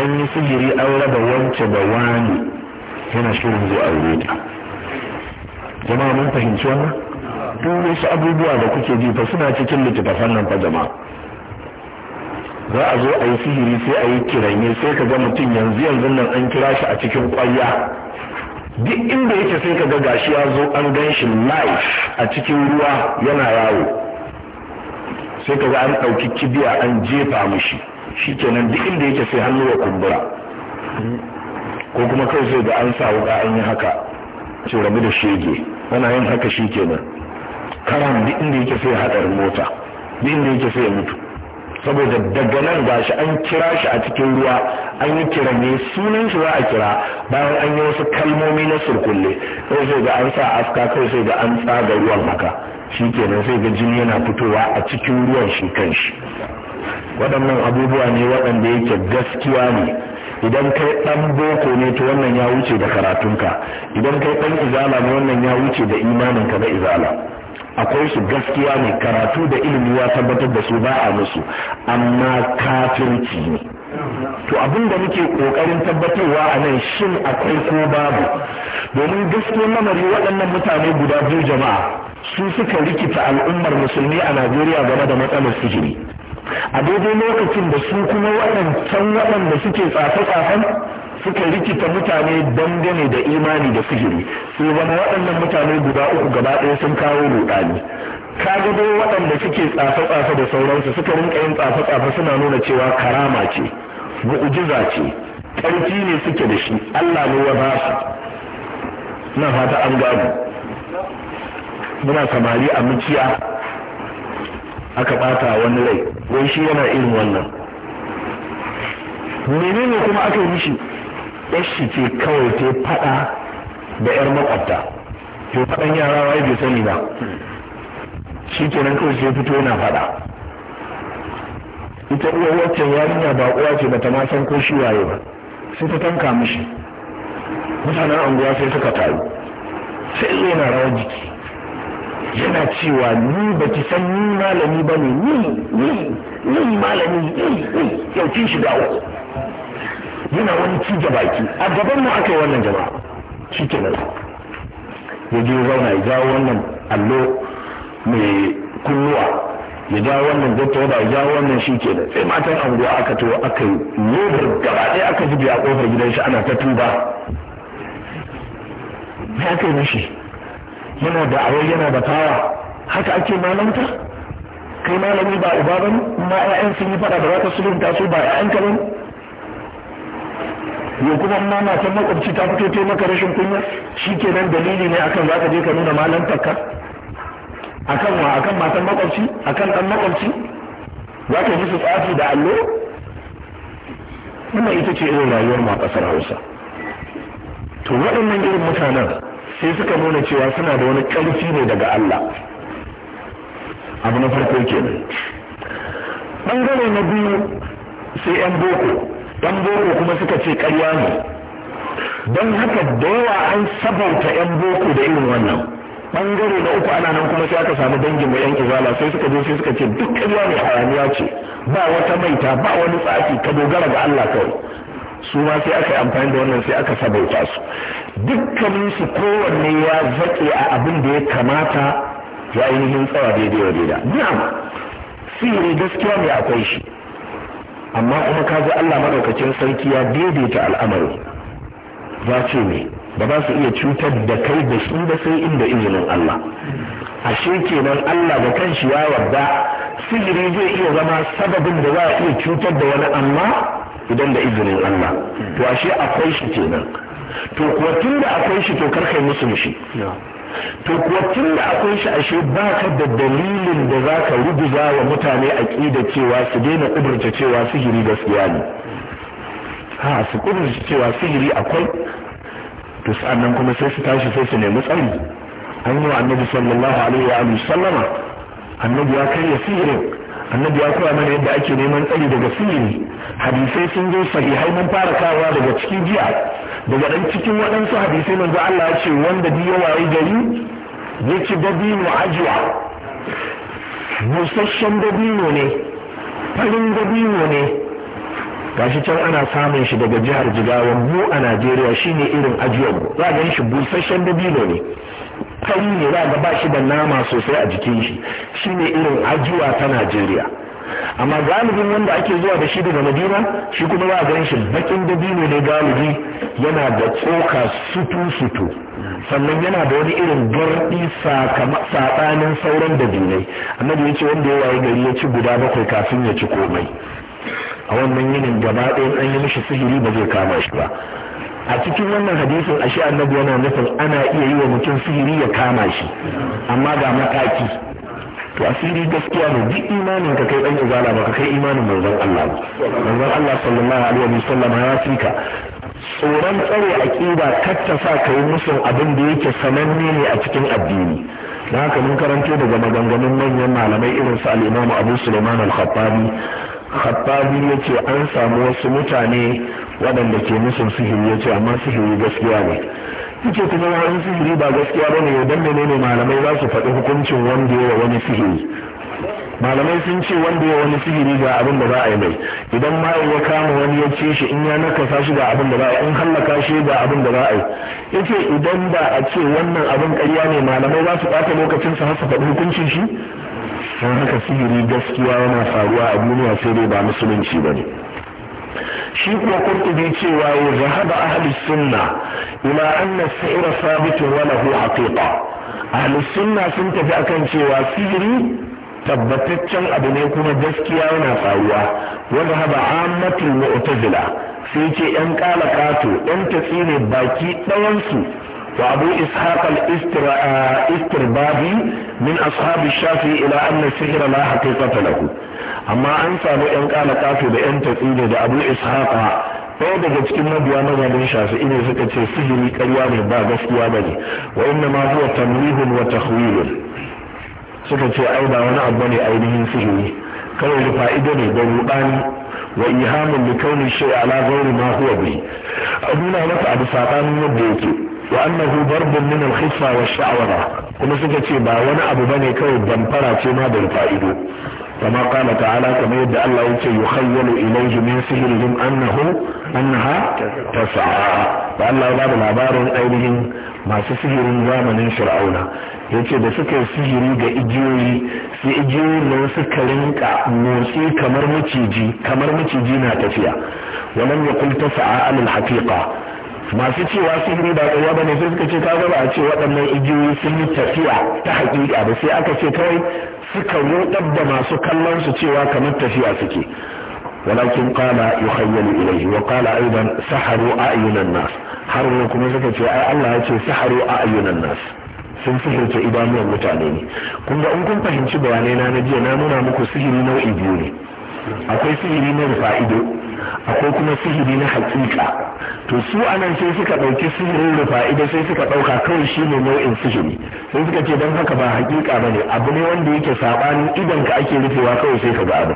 an yi sihiri an raba wance da wani yana shirin zai aure ta jama'a mun fahimci wannan duk wasu abubuwa da kuke ji fa suna cikin littattafan nan fa jama'a za a zo a yi sihiri sai a yi kiranye sai ka ga mutum yanzu yanzu nan an kira shi a cikin kwaya duk inda yake sai ka ga gashi ya zo an gan shi live a cikin ruwa yana yawo sai ka ga an ɗauki kibiya an jefa mishi shikenan duk inda yake sai hannu ya kumbura ko kuma kai sai da an sa wuka an yi haka ce rabu da shege ana yin haka shi kenan karan duk inda yake sai hadarin mota duk inda yake sai mutu saboda daga nan gashi an kira shi a cikin ruwa an yi kira ne sunan shi za a kira bayan an yi wasu kalmomi na surkulle kai sai da an sa aska kai sai da an tsaga ruwan haka shi kenan sai ga jini yana fitowa a cikin ruwan shi kanshi waɗannan abubuwa ne waɗanda yake gaskiya ne idan kai dan boko ne to wannan ya wuce da karatunka idan kai dan izala ne wannan ya wuce da imaninka na izala akwai su gaskiya ne karatu da ilimi ya tabbatar da su ba a musu amma kafirci ne to abin da muke kokarin tabbatarwa a nan shin akwai ko babu domin gaskiyar lamari waɗannan mutane guda biyu jama'a su suka rikita al'ummar musulmi a najeriya game da matsalar sihiri a daidai lokacin da su kuma waɗancan waɗanda suke tsafe-tsafen suka rikita mutane dangane da imani da sihiri sai zama waɗannan mutane guda uku gaba ɗaya sun kawo rudani kaga dai waɗanda suke tsafe-tsafe da sauransu suka rinka yin tsafe-tsafe suna nuna cewa karama ce mu'ujiza ce ƙarfi ne suke da shi Allah ne ya ba su nan fata an gado muna samari a mukiya aka bata wani rai wai shi yana irin wannan menene kuma aka yi mishi yashi ce kawai ta fada da yar makwabta to fadan yara wai bai sani ba shi kenan kawai sai fito yana fada ita uwa wacce yarinya ba uwa ce bata ma san ko shi waye ba sai ta tanka mishi mutanen anguwa sai suka taru sai yana rawar jiki yana cewa ni ba ki san ni malami ba ne ni ni ni malami ni ni kin shiga wa yana wani gaba ki a gaban mu aka yi wannan jama'a shi ke nan ya je zauna ya jawo wannan allo mai kunnuwa ya jawo wannan doktor da ya jawo wannan shi ke sai matan anguwa aka to aka yi da gaba ɗaya aka zube a ƙofar gidan shi ana ta tuba ya kai mishi yana da awai yana da tawa haka ake malamta kai malami ba uba ba ne ma 'ya'yan sun yi fada da za ka sulunta su ba 'ya'yan ka ba ne ya kuma ma matan makwabci ta fito ta maka rashin kunya shi kenan dalili ne akan za ka je ka nuna malantarka akan wa akan matan makwabci akan ɗan makwabci za ka yi musu tsafi da allo wannan ita ce irin rayuwar mu a ƙasar hausa to waɗannan irin mutanen sai suka nuna cewa suna da wani ƙarfi ne daga Allah abu na farko kenan ɓangare na biyu sai yan boko yan boko kuma suka ce ƙarya ne don haka da yawa an sabauta yan boko da irin wannan ɓangare na uku ana nan kuma sai aka samu dangin mai yan izala sai suka je sai suka ce duk ƙarya ne hayaniya ce ba wata maita ba wani tsafi ka dogara ga Allah kawai su ma sai aka yi amfani da wannan sai aka sabauta su dukkanin su kowanne ya zaƙe a abin da ya kamata ya ainihin tsawa daidai wa daida na'am sihiri gaskiya ne akwai shi amma kuma kaza Allah maɗaukacin sarki ya daidaita al'amari za ce ne ba za su iya cutar da kai da su ba sai inda izinin Allah ashe kenan Allah da shi ya yarda sihiri zai iya zama sababin da za a iya cutar da wani amma idan da izinin Allah to ashe akwai shi kenan to kuwa tun da akwai shi to karkai musu shi to kuwa tun da akwai shi ashe ba ka da dalilin da za ka rubuza wa mutane a aƙida cewa su daina ƙudurta cewa sihiri gaskiya ne ha su ƙudurta cewa sihiri akwai to sa'annan kuma sai su tashi sai su nemi tsari an yi wa annabi sallallahu alaihi wa sallama annabi ya karya sihirin annabi ya koya mana yadda ake neman tsari daga sihiri hadisai sun zo sahihai mun fara kawo daga cikin jiya daga ɗan cikin waɗansu hadisai manzo Allah ya ce wanda biyo waye gari ya ci dabino ajiwa busasshen dabino ne farin dabino ne gashi can ana samun shi daga jihar jigawan mu a Najeriya shine irin ajiyar mu za ga shi busasshen dabino ne fari ne za ga ba shi da nama sosai a jikin shi shine irin ajiwa ta Najeriya amma galibin wanda ake zuwa da shi daga madina shi kuma ba gan shi bakin dabino ne galibi yana da tsoka sutu sutu sannan yana da wani irin gardi saɓanin sauran dabinai annabi ya ce wanda ya waye gari ya ci guda bakwai kafin ya ci komai a wannan yinin gaba ɗayan an yi mishi sihiri ba zai kama shi ba a cikin wannan hadisin ashe annabi yana nufin ana iya yi wa mutum sihiri ya kama shi amma ga mataki to asiri gaskiya ne duk imanin ka kai dan izala ba ka kai imanin manzon Allah ba manzon Allah sallallahu alaihi wa sallam ya fika tsoron tsare aqida katta sa kai musun abin da yake sananne ne a cikin addini dan haka mun karanto daga maganganun manyan malamai irin su al-Imam Abu Sulaiman al-Khattabi Khattabi yace an samu wasu mutane waɗanda ke musun sihiri ce amma sihiri gaskiya ne suke kuma wani sihiri ba gaskiya ba ne don menene malamai za su faɗi hukuncin wanda ya wani sihiri malamai sun ce wanda ya wani sihiri ga abin da za a yi mai idan mayan ya kama wani ya ce shi in ya nakasa shi ga abin da za a yi in hallaka shi ga abin da za a yi ya ce idan da a ce wannan abin karya ne malamai za su ɓata lokacin su har su faɗi hukuncin shi don haka sihiri gaskiya yana faruwa a duniya sai dai ba musulunci ba ne shi kuwa kurtubi cewa ya zahaba ahli sunna ila anna sa'ira sabitun wa lahu haqiqa ahli sunna sun tafi akan cewa sihiri tabbataccen abu ne kuma gaskiya yana faruwa wa zahaba ammatul mu'tazila sai ce yan ƙala kato yan tatsine baki dawansu وابو اسحاق الاستربابي آه، من اصحاب الشافعي الى ان السحر لا حقيقة له اما ان سابو ان قال قافي بان تقيني دا ابو اسحاق فهو دقا تكين نبيا مجد الشافعي اني فكت السحر كريان با قسطيا وانما هو تمويه وتخويل سكت ايضا ونعبني ايدهن سحري كانوا يفائدني بالمقاني وإيهام لكون الشيء على غير ما هو به أبونا نفع بساطان من الديكي wa annahu darbun min al sha'wara kuma suka ce ba wani abu bane kawai damfara ce ma da fa'ido kama qala ta'ala kamar yadda Allah yake yukhayyalu ilayhi min sihrihim annahu annaha tas'a Allah ya ba labarin ainihin masu sihirin zamanin fir'auna yace da suka yi sihiri ga igiyoyi sai igiyoyin nan motsi kamar maciji kamar maciji na tafiya walam yaqul tas'a al-haqiqa masu cewa sihiri ba ƙarya ba ne sai suka ce kaga ba a ce waɗannan igiyoyi sun yi tafiya ta haƙiƙa ba sai aka ce kawai suka ruɗar da masu kallon su cewa kamar tafiya suke ولكن قال يخيل إليه وقال أيضا سحروا أعين ce حروا كما سكت ce saharu a ayyunan الناس sun sihirta idanuwan mutane ne kun ga in kun fahimci bayanai na na jiya na nuna muku sihiri nau'i biyu ne akwai sihiri na rufa ido akwai kuma sihiri na hakika to su anan sai suka ɗauki sihirin rufa'ida sai suka ɗauka kawai shi ne nau'in sihiri sai suka ce don haka ba hakika ba ne abu ne wanda yake saɓanin idan ka ake rufewa kawai sai ka ga abu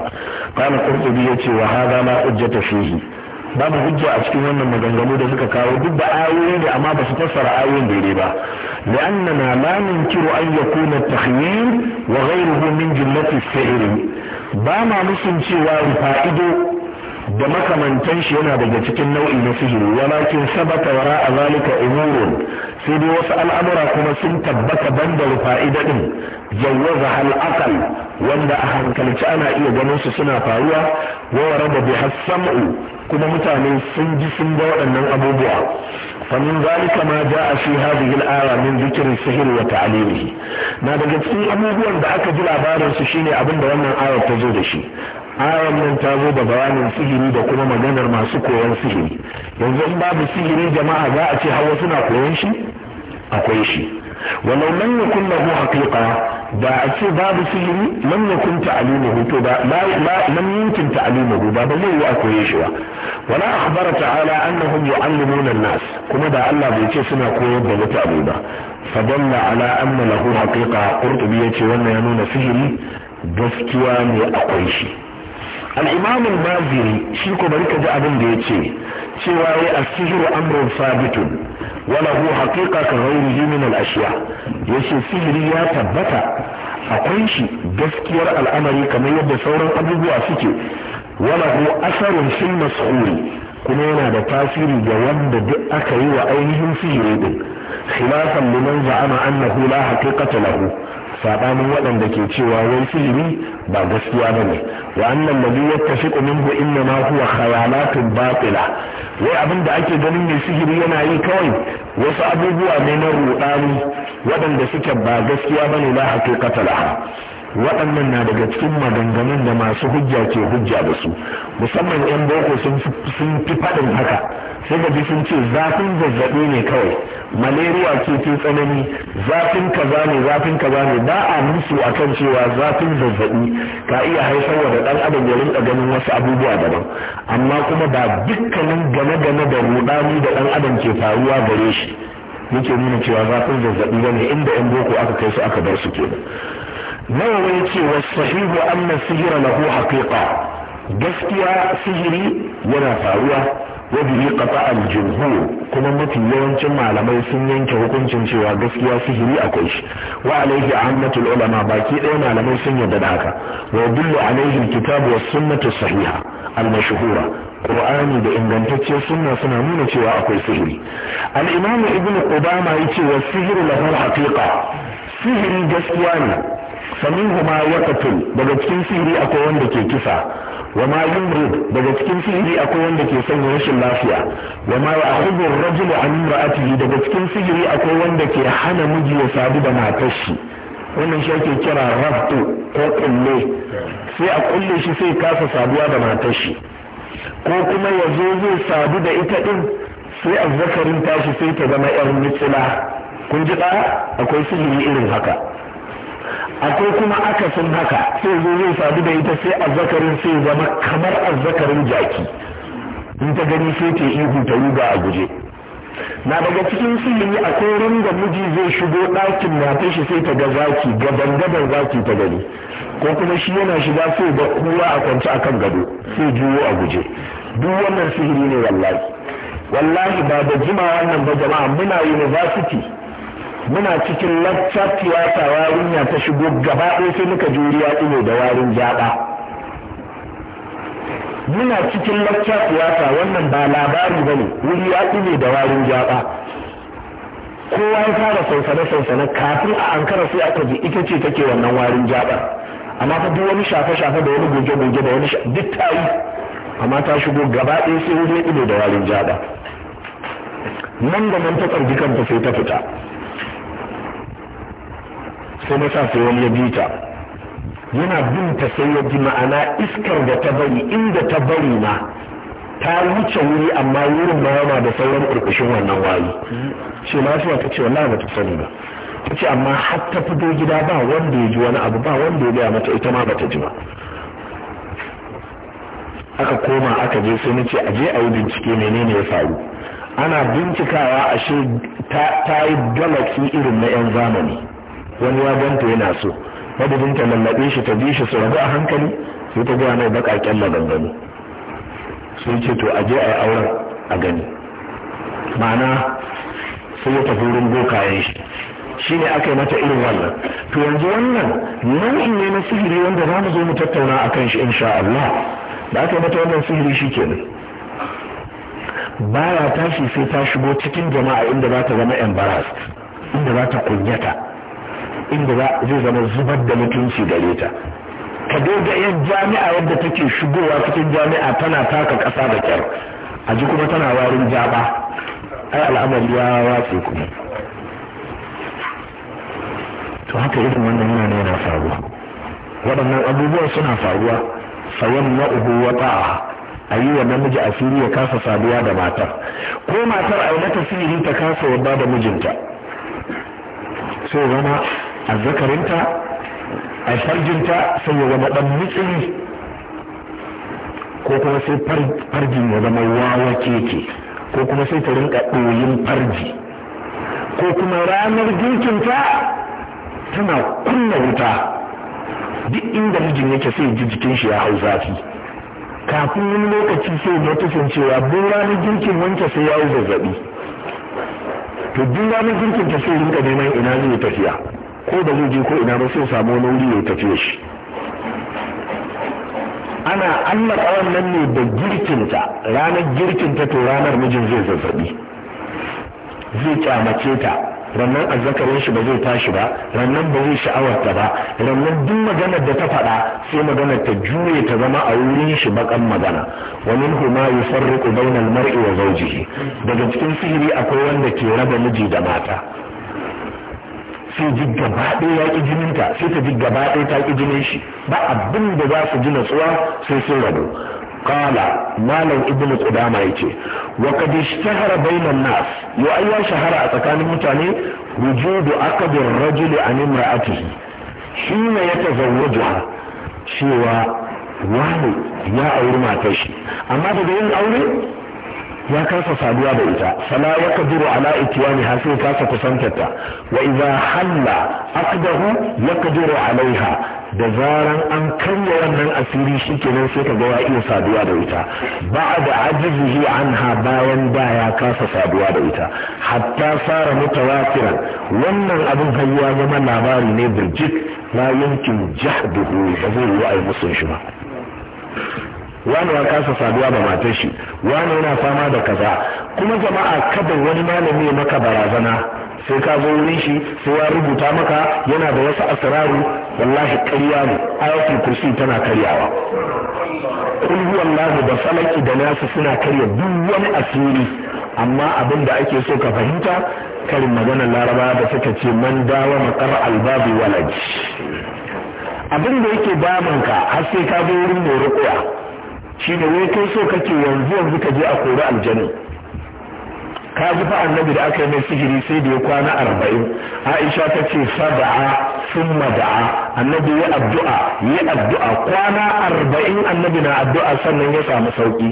kana kurtubi ya ce wa haza ma hujjata fihi babu hujja a cikin wannan maganganu da suka kawo duk da ayoyi ne amma ba su fassara ayoyin daidai ba لأننا لا ننكر أن يكون التخيير وغيره من جملة السحر ba ma musun cewa da makamantan shi yana daga cikin nau'i na sihiri walakin sabata wara a zalika umurun sai dai wasu al'amura kuma sun tabbata banda fa'ida din jawwaza hal aqal wanda a hankalci ana iya ganin su suna faruwa wa warada bi hasamu kuma mutane sun ji sun ga waɗannan abubuwa فمن ذلك ما جاء في هذه min من ذكر السحر وتعليمه na daga cikin abubuwan da aka ji labarin su shine abin da wannan ayar ta zo da shi ayan nan ta zo da bayanin sihiri da kuma maganar masu koyon sihiri yanzu in babu sihiri jama'a za a ce hawa suna koyon shi akwai shi walau lam yakun lahu haqiqa da a ce babu sihiri lam yakun ta'limuhu to da lam yumkin ta'limuhu ba ba zai a koye shi ba wala akhbara ta'ala annahum yu'allimuna an-nas kuma da Allah bai ce suna koyar da mutane ba fadalla ala anna lahu haqiqa qurtubi yace wannan ya nuna sihiri gaskiya ne akwai shi al baziri maziri shi ko bari ka ji abin da ce cewa ya as-sihru amrun sabitun wa lahu haƙiƙa ka ghayrihi min al ya yace sihiri ya tabbata akwai shi gaskiyar al'amari kamar yadda sauran abubuwa suke wa lahu asarin fil mas'uli kuma yana da tasiri ga wanda duk aka yi wa ainihin sihiri din khilafan liman za'ama annahu la haqiqata lahu sabanin waɗanda ke cewa wai sihiri ba gaskiya ba ne wa annan tafi yattafiqu bu inna ma huwa khayalatun batila wai abin da ake ganin mai sihiri yana yi kawai wasu abubuwa ne na rudani waɗanda suke ba gaskiya ba ne la haƙiƙata laha waɗannan na daga cikin maganganun da masu hujja ke hujja da su musamman 'yan boko sun fi faɗin haka sai sun ce zafin zazzabi ne kawai malaria ce ce tsanani zafin kaza ne zafin kaza ne ba a musu akan cewa zafin zazzabi ka iya haifarwa da dan adam ya rinka ganin wasu abubuwa daban amma kuma ba dukkanin game-game da rudani da dan adam ke faruwa gare shi yake nuna cewa zafin zazzabi ne inda yan boko aka kai su aka bar su ke nawa ya ce sahihu anna sihira lahu haƙiƙa gaskiya sihiri yana faruwa wadiri kafa aljihu kuma mafi yawancin malamai sun yanke hukuncin cewa gaskiya sihiri akwai shi wa alaihi ahmatul ulama baki ɗaya malamai sun yarda da haka wa yadullu alaihi alkitab wa sunnatu sahiha almashhura qur'ani da ingantacciyar sunna suna nuna cewa akwai sihiri al-imam ibn qudama yace wa sihru lahu haqiqa sihiri gaskiya ne faminhu ma yaqtul daga cikin sihiri akwai wanda ke kisa wa ma yumru daga cikin sihiri akwai wanda ke son rashin lafiya wa ma ya'khudhu ar-rajulu an imra'atihi daga cikin sihiri akwai wanda ke hana miji ya sadu da matar shi wannan shi ake kira rabtu ko kulle sai a kulle shi sai kasa saduwa da matar shi ko kuma yazo zai sadu da ita din sai azzakarin tashi sai ta zama yar mitsila kun ji akwai sihiri irin haka akwai kuma akasin haka sai zo zai sadu da ita sai azzakarin sai zama kamar azzakarin jaki in ta gani sai ta ihu ta ruga a guje na daga cikin sihiri akwai ringa miji zai shigo ɗakin mata shi sai ta ga zaki gaban gaban zaki ta gani ko kuma shi yana shiga sai ga kowa a kwance kan gado sai juyo a guje duk wannan sihiri ne wallahi wallahi ba da jima wannan ba jama'a muna university muna cikin laccar tiyata warinya ta shigo gaba ɗaya sai muka juriya ɗigo da warin jaɓa muna cikin laccar tiyata wannan ba labari ba ne wuri ya ɗigo da warin jaɓa kowa ya fara sansane-sansane kafin a ankara sai aka ji ita ce take wannan warin jaɓa amma fa duk wani shafe-shafe da wani goge-goge da wani duk ta yi amma ta shigo gaba ɗaya sai wuri ya ɗigo da warin jaɓa nan da nan ta tsargi kanta sai ta fita sai na sa sai wani ya bi ta yana bin ta sai ya ji ma'ana iskar da ta bari inda ta bari na ta wuce wuri amma wurin ba yana da sauran ƙarƙashin wannan wayi ce shi ta ce wallahi bata sani ba ta ce amma har ta fito gida ba wanda ya ji wani abu ba wanda ya gaya mata ita ma bata ji ba aka koma aka je sai nace a je a yi bincike menene ya faru ana bincikawa ashe ta yi galaxy irin na 'yan zamani wani ya ganta yana so madadin ta lallabe shi ta bi shi su rabu a hankali sai ta gaya mai baƙaƙen maganganu sai ce to a a auren a gani ma'ana sai ya tafi wurin ya shi shi ne aka yi mata irin wannan to yanzu wannan nau'in ne na sihiri wanda za mu zo mu tattauna a kan shi insha Allah da aka yi mata wannan sihiri shi ke kenan baya tashi sai ta shigo cikin jama'a inda za ta zama embarrassed inda za ta kunyata inda zai zama zubar da mutunci gare ta ka da yan jami'a yadda take shigowa cikin jami'a tana taka ƙasa da kyar a ji kuma tana warin jaba ai al'amari ya wace kuma to haka irin wannan yana ne yana faruwa waɗannan abubuwan suna faruwa sayan ma'ubu wata a yi wa namiji asiri ya kasa saduwa da matar ko matar a yi mata sihiri ta kasa yadda da mijinta sai zama A zakarinta a farjinta sai ya zama dan mutsiri ko kuma sai farjin ya zama wawa keke ko kuma sai ta rinka ɗoyin farji ko kuma ranar girkinta tana kunna wuta duk inda mijin yake sai ji jikin shi ya hau zafi kafin wani lokaci sai notisin cewa duk ranar girkin wanke sai ya hau zazzabi to duk ranar girkin ta sai rinka neman ina zai tafiya ko ba zai je ko ina ba sai samu wani wuri ya tafiye shi ana allaka wannan ne da girkinta ranar girkinta to ranar mijin zai zazzabi zai kyamace ta rannan azzakarin shi ba zai tashi ba rannan ba zai sha'awarta ba rannan duk maganar da ta faɗa sai maganar ta juye ta zama a wurin shi bakan magana wa minhu ma yufarriqu bainal mar'i wa zawjihi daga cikin sihiri akwai wanda ke raba miji da mata sai ji gaba ɗaya ya ƙi jininta sai ta ji gaba ɗaya ta ƙi jinin shi ba abin da za su ji natsuwa sai sun rabu kala malam ibnu qudama yace wa qad ishtahara bainan nas yo ai shahara a tsakanin mutane wujudu aqdi ar-rajuli an imra'atihi shine yatazawwajuha cewa wani ya auri matar shi amma daga yin aure ya kasa saduwa da ita fala ya kadiru ala itiyani ha sai kasa kusantarta wa idza halla aqdahu ya kadiru alaiha da zaran an karya wannan asiri shikenan sai ka ga ya iya saduwa da ita ba'da ajizihi anha bayan da ya kasa saduwa da ita hatta fara mutawatiran wannan abin har ya zama labari ne birjik la yankin jahduhu ba zai yi wa ai shi ba wani ya kasa saduwa da matar shi wani yana fama da kaza kuma jama'a kada wani malami ya maka barazana sai ka zo wurin shi sai ya rubuta maka yana da wasu asraru wallahi ƙarya ne ayatul kursi tana karyawa kul wallahi da falaki da nasu suna karya duk wani asiri amma abin da ake so ka fahimta karin maganar laraba da suka ce man dawa makar albabi walaji abin da yake damanka har sai ka zo wurin mai rukuya Shi shine wai kai so kake yanzu yanzu ka je a kori aljanu ka ji fa annabi da aka yi mai sihiri sai da ya kwana arba'in aisha ta ce fada'a summa da'a annabi ya addu'a ya addu'a kwana arba'in annabi na addu'a sannan ya samu sauki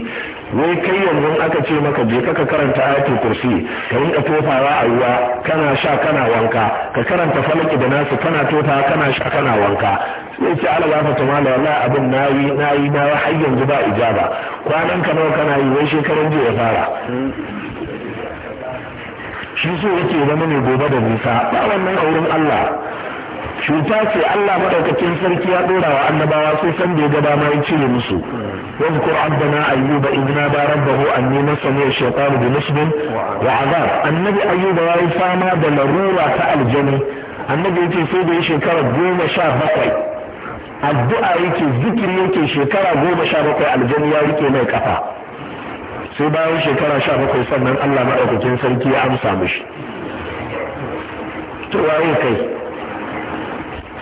wai kai yanzu aka ce maka je ka karanta ayatul kursi ka rinka tofawa a ruwa kana sha kana wanka ka karanta falaki da nasu kana tota kana sha kana wanka sai ce ala ba ta mala wallahi abin nayi nayi na har yanzu ba ijaba kwanan ka nawa kana yi wai shekaran jiya ya fara shi so yake zama ne gobe da nisa ba wannan a wurin Allah cuta ce Allah madaukakin sarki ya dora wa annabawa sai san da ya ga dama ya cire musu واذكر عبدنا ايوب اذ نادى ربه اني مسني الشيطان azab. Annabi Ayuba ya yayi fama da larura ta aljani annabi yake sai da shekara goma sha bakwai addu'a yake zikiri yake shekara goma sha bakwai aljani ya rike mai kafa sai bayan shekara sha bakwai sannan Allah maɗaukakin sarki ya amsa mishi to waye kai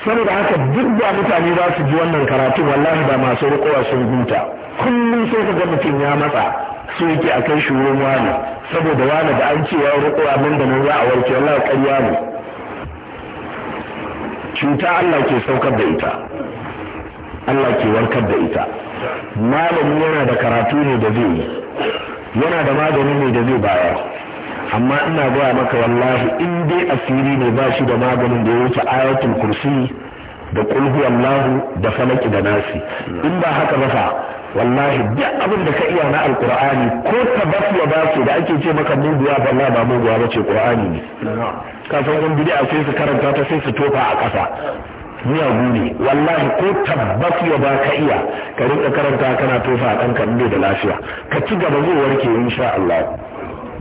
saboda haka duk da mutane za su ji wannan karatu wallahi da masu rikowa sun huta kullum sai ka ga mutum ya matsa su yake a kai shurin wani saboda wani da an ce ya rikowa nan da nan za a warke wallahi ƙarya ne cuta Allah ke saukar da ita Allah ke warkar da ita malami yana da karatu ne da zai yi yana da magani ne da zai bayar amma ina gaya maka wallahi in dai asiri ne ba shi da maganin da ya wuce ayatul kursi da kulhu wallahu da falaki da nasi in ba haka ba fa wallahi duk abin da ka iya na alqur'ani ko ta ba ce da ake ce maka muguwa wallahi ba muguwa ba ce qur'ani ne ka san kun da sai su karanta ta sai su tofa a ƙasa miyagu ne wallahi ko tabbas ya ba ka iya ka rinka karanta kana tofa a ɗanka ne da lafiya ka ci gaba zai warke sha Allah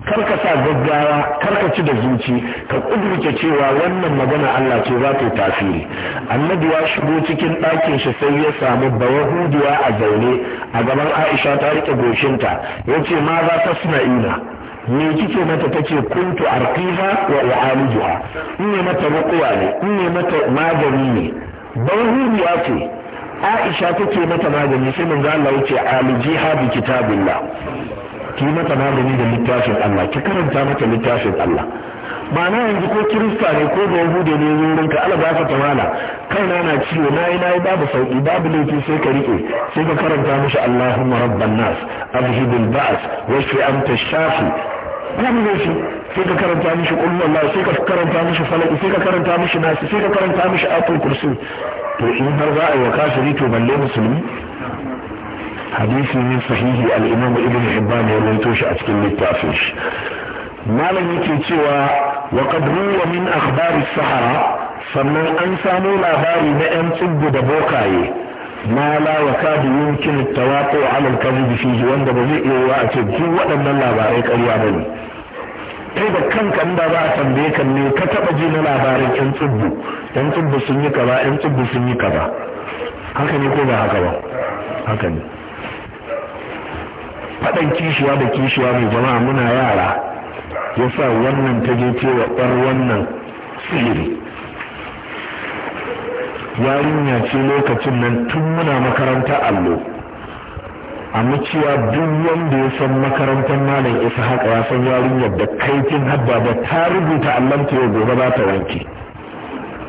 kar ka sa gaggawa kar ka ci da zuci ka kudurce cewa wannan magana Allah ce za ta yi tasiri annabi ya shigo cikin ɗakin shi sai ya samu bawahudiya a zaune a gaban Aisha ta rike goshinta yace ma za ta suna ina me kike mata take kuntu arqiha wa u'alijuha in ne mata ruqwa ne in ne mata magani ne ce Aisha take mata magani sai manzo Allah yace alijiha bi kitabillah ki mata magani da littafin Allah ki karanta mata littafin Allah ma'ana yanzu ko kirista ne ko da yahudu ne wurin ka Allah ba ta mala kaina na ciwo nayi nayi babu sauki babu laifi sai ka riƙe sai ka karanta mishi Allahumma rabban nas abhidul ba's washfi anta shafi wani ne shi sai ka karanta mishi kullu Allah sai ka karanta mishi falaki sai ka karanta mishi nasi sai ka karanta mishi ayatul kursi to in har za a yi kafiri to balle musulmi hadisi ne sahihi al-imam ibn hibban ya rawaito shi a cikin littafin shi malam yake cewa wa qad ruwa min akhbar as-sahara sannan an samu labari na yan tsibbu da bokaye ma la yakadu yumkin at-tawaqu 'ala al-kadhib fihi wanda ba zai iya yiwa a ce duk waɗannan labarai ƙarya bane kai da kanka in ba za a tambaye ka ne ka taba ji na labarin yan tsubbu yan tsubbu sun yi kaza yan tsubbu sun yi kaza haka ne ko ba haka ba haka ne faɗan kishiya da kishiya mai jama'a muna yara ya sa wannan ta je cewa ɗar wannan sihiri yarinya ce lokacin nan tun muna makarantar allo amma cewa duk wanda ya san makarantar malam isa haka ya san yarinyar da kaifin hadda da ta rubuta ta ya gobe za ta wanke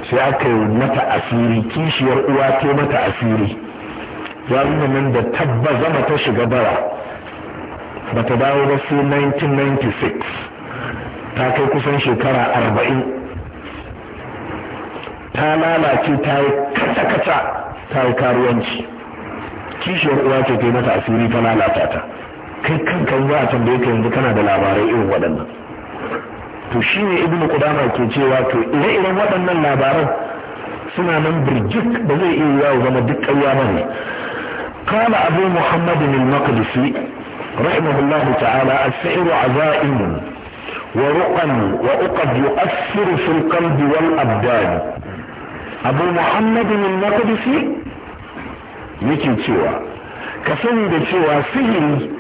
sai aka yi mata asiri kishiyar uwa ta mata asiri yarinyar nan da tabba zama ta shiga bara ba ta dawo ba sai 1996 ta kai kusan shekara arba'in ta lalace ta yi kata-kata ta yi karuwanci kishiyar uwa ce ta mata asiri ta lalata ta kai kankan za a tambaye ka yanzu kana da labarai irin waɗannan to shi ne ibn qudama ke cewa to ire-iren waɗannan labaran suna nan birjik da zai iya yawo zama duk ƙarya ba ne قال أبو محمد المقدسي رحمه الله تعالى السعر عزائم ورقا وأقد يؤثر في القلب والأبدان أبو محمد المقدسي yake cewa ka sani da cewa sihiri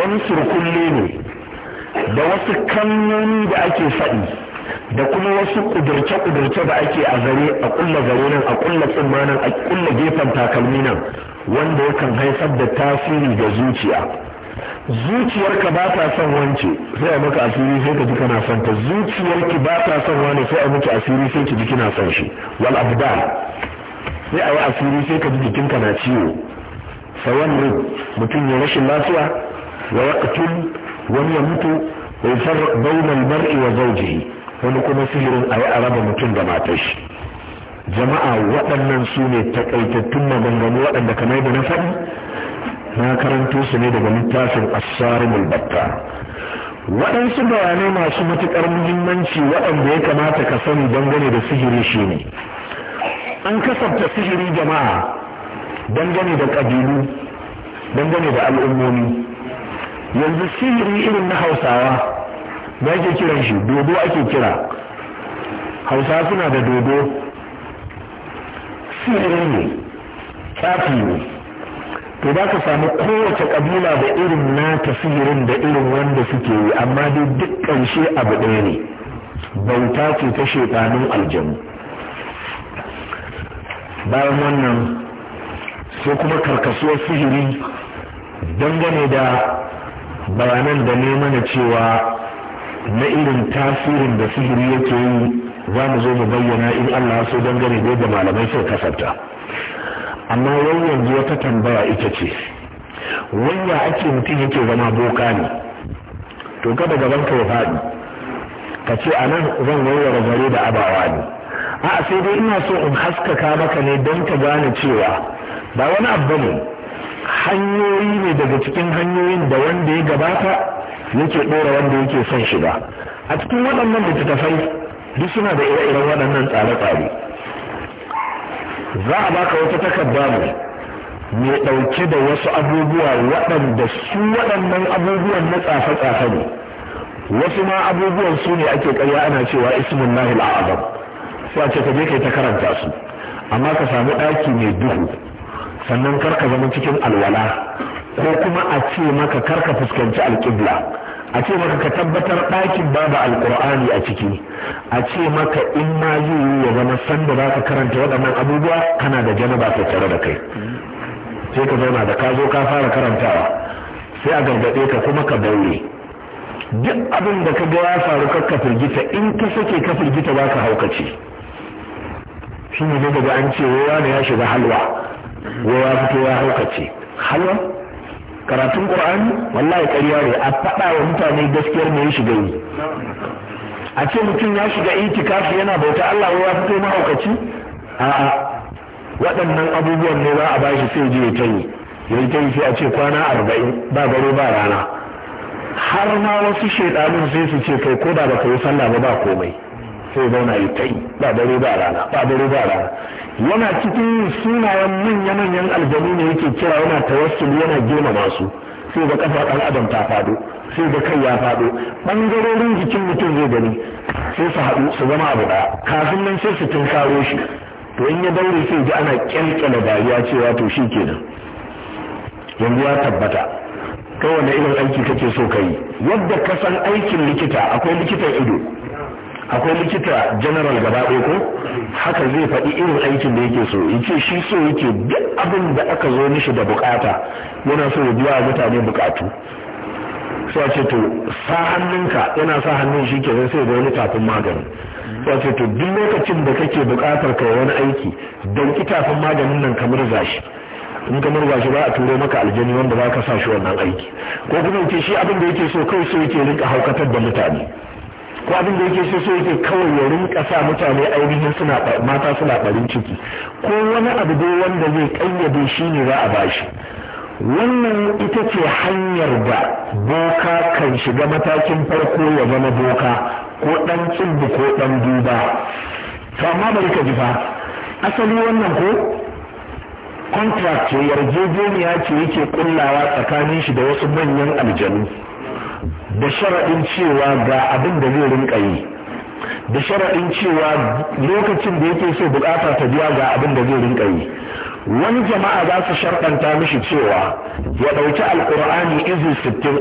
wani surkulle ne da wasu kalmomi da ake faɗi da kuma wasu ƙudurce-ƙudurce da ake a zare a ƙulla zare nan a ƙulla tsumma a ƙulla gefen takalmi nan wanda yakan haifar da tasiri ga zuciya zuciyarka ba ta son wance sai a maka asiri sai ka ji kana son ta zuciyarki ba ta son wane sai a miki asiri sai ki ji kina son shi wal abdal sai a yi asiri sai ka ji jikinka na ciwo sawan ne mutum ya rashin lafiya wa yaqtul wani ya mutu wa yufarraq bayna al-mar'i wa wani kuma sihirin a yi araba mutum da matar shi jama'a waɗannan su ne takaitattun maganganu waɗanda kamar da na faɗi na karanto su ne daga littafin asarimul batta waɗansu bayanai masu matuƙar muhimmanci waɗanda ya kamata ka sani dangane da sihiri shi ne an kasafta sihiri jama'a dangane da ƙabilu dangane da al'ummomi yanzu sihiri irin na hausawa da ake kiran shi dodo ake kira hausawa suna da dodo sihiri ne tsafi ne to za ka samu kowace ƙabila da irin nata sihirin da irin wanda suke yi amma dai duk shi abu ɗaya ne bauta ce ta shekanun aljanu bayan wannan sai kuma karkasuwar sihiri dangane da bayanan da ne mana cewa na irin tasirin da sihiri yake yi za mu zo mu bayyana in Allah so dangane da yadda malamai suka kasarta. amma yau yanzu wata tambaya ita ce wanda ake mutum yake zama boka ne to kada gaban ka ya faɗi ka ce a nan zan wayar gare da abawa ne a sai dai ina so in haskaka maka ne don ka gane cewa ba wani abu ne hanyoyi ne daga cikin hanyoyin da wanda ya gabata yake ɗora wanda yake son shiga a cikin waɗannan littattafai duk suna da ire-iren waɗannan tsare-tsare za a baka wata takarda ne mai ɗauke da wasu abubuwa waɗanda su waɗannan abubuwan na tsafe-tsafe ne wasu ma abubuwan su ne ake ƙarya ana cewa ismun lahil a'azam wace ce ka je kai ta karanta su amma ka samu ɗaki mai duhu sannan kar ka zama cikin alwala ko kuma a ce maka kar ka fuskanci alƙibla a ce maka ka tabbatar ɗakin babu alƙur'ani a ciki a ce maka in ma yiwu ya zama sanda za ka karanta waɗannan abubuwa kana da janaba ta tare da kai sai ka zauna da ka ka fara karantawa sai a gargaɗe ka kuma ka daure duk abin da ka ga ya faru kakka firgita in ka sake ka firgita za ka haukace shi ne ne daga an ce wawa ne ya shiga halwa wawa fito ya haukace halwa karatun qur'ani wallahi ƙarya ne a faɗa wa mutane gaskiyar ne ya shiga yi a ce mutum ya shiga itikafi yana bauta Allah ya fito mahaukaci 'a waɗannan abubuwan ne za a bashi sai jiya ya ta yi ya yi ta yi sai a ce kwana arba'in ba gare ba rana har ma wasu shaidanin sai su ce kai ko da baka yi sallah ba ba komai sai zauna ta yi ba dare ba rana ba dare ba rana yana cikin sunayen manya-manyan aljanu ne yake kira yana tawassul yana girmama su sai ga kafa ɗan adam ta fado sai ga kai ya faɗo ɓangarorin jikin mutum zai gani sai su haɗu su zama abu ɗaya kafin nan sai su tunkaro shi to in ya daure sai ji ana kyalkyala dariya cewa to shi kenan yanzu ya tabbata kai wanda irin aiki kake so ka yi yadda ka san aikin likita akwai likitan ido akwai likita general gaba ɗaya ko haka zai faɗi irin aikin da yake so yace shi so yake duk abin da aka zo mishi da bukata yana so ya biya mutane bukatu sai ce to sa hannunka yana sa hannun shi kenan sai da wani tafin magani ce to duk lokacin da kake bukatar ka wani aiki don kitafin maganin nan kamar zashi in kamar zashi ba a turo maka aljani wanda ba ka sa shi wannan aiki ko kuma yake shi abin da yake so kai so yake rinka haukatar da mutane ko abin da yake so so yake kawai ya rinka sa mutane ainihin suna mata suna barin ciki ko wani abu dai wanda zai kayyade shi ne za a bashi wannan ita ce hanyar da boka kan shiga matakin farko ya zama boka ko dan tsibbi ko dan duba to amma bari ka ji fa asali wannan ko contract ce yarjejeniya ce yake kullawa tsakanin shi da wasu manyan aljanu da sharaɗin cewa ga abin da zai rinka yi da sharaɗin cewa lokacin da yake so bukata ta biya ga abin da zai rinka yi wani jama'a za su sharɗanta mishi cewa ya ɗauki alƙur'ani izu sittin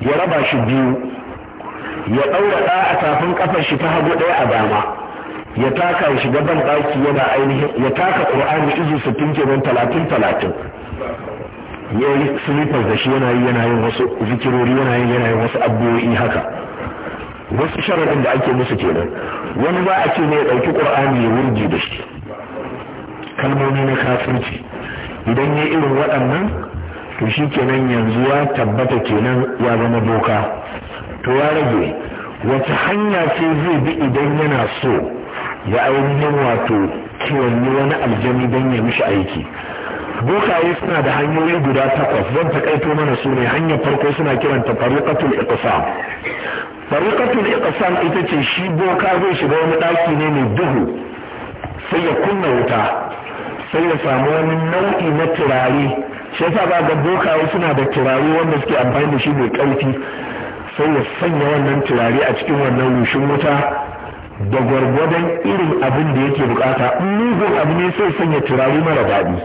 ya raba shi biyu ya ɗaura ɗa a tafin ƙafar shi ta hagu ɗaya a dama ya taka ya gaban ɗaki yana ainihin ya taka ƙur'ani izu sittin kenan talatin talatin ya yi da shi yana yi yana yin wasu zikirori yana yin yana yin wasu abubuwa haka wasu sharadin da ake musu kenan wani za a ce ne ya ɗauki ƙur'ani ya wurgi da shi kalmomi na kafirci idan ya irin waɗannan to shi kenan yanzu ya tabbata kenan ya zama doka to ya rage wata hanya ce zai bi idan yana so ya ainihin wato kiwanni wani aljami don ya mishi aiki bokaye suna da hanyoyi guda takwas zan takaito mana su ne hanyar farko suna kiranta faruqatul iqsam faruqatul iqsam ita ce shi boka zai shiga wani daki ne mai duhu sai ya kunna wuta sai ya samu wani nau'i na turare shi yasa ba ga bokaye suna da turare wanda suke amfani da shi mai ƙarfi sai ya sanya wannan turare a cikin wannan rushin wuta da gwargwadon irin abin da yake bukata in mugun abu ne sai sanya turare mara daɗi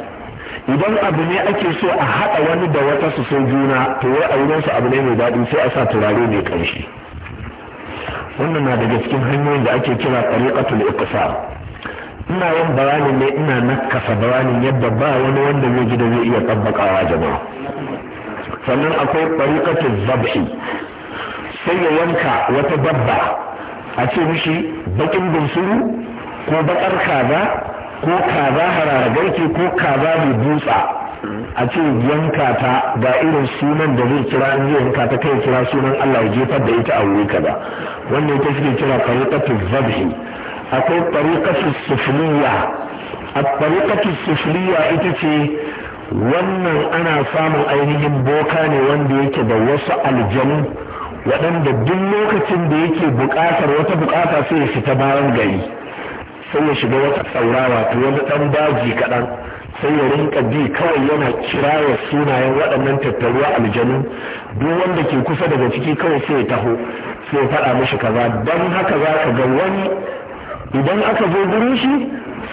idan abu ne ake so a haɗa wani da wata su so juna to wai a su abu ne mai daɗi sai a sa turare mai ƙarshe. wannan na daga cikin hanyoyin da ake kira tariqatul iqsa ina yin bayanin ne ina nakasa bayanin yadda ba wani wanda zai ji da zai iya tabbakawa jama'a sannan akwai tariqatul zabhi sai ya yanka wata dabba a ce mishi baƙin bunsuru ko baƙar kaza ko kaza hararagarki ko kaza bai dutsa a ce yanka ta ga irin sunan da zai kira in yanka ta kai kira sunan Allah ya jefar da ita a wuri kaza wannan ita shi kira tariqatu zabhi akwai tariqatu sufliya a tariqatu sufliya ita ce wannan ana samun ainihin boka ne wanda yake da wasu aljanu waɗanda duk lokacin da yake buƙatar wata buƙata sai ya fita bayan gari sai ya shiga wata tsaura wato wani ɗan daji kaɗan sai ya rinka bi kawai yana kira ya sunayen waɗannan tattaruwa aljanu duk wanda ke kusa daga ciki kawai sai ya taho sai ya faɗa mishi kaza don haka za ka ga wani idan aka zo gurin shi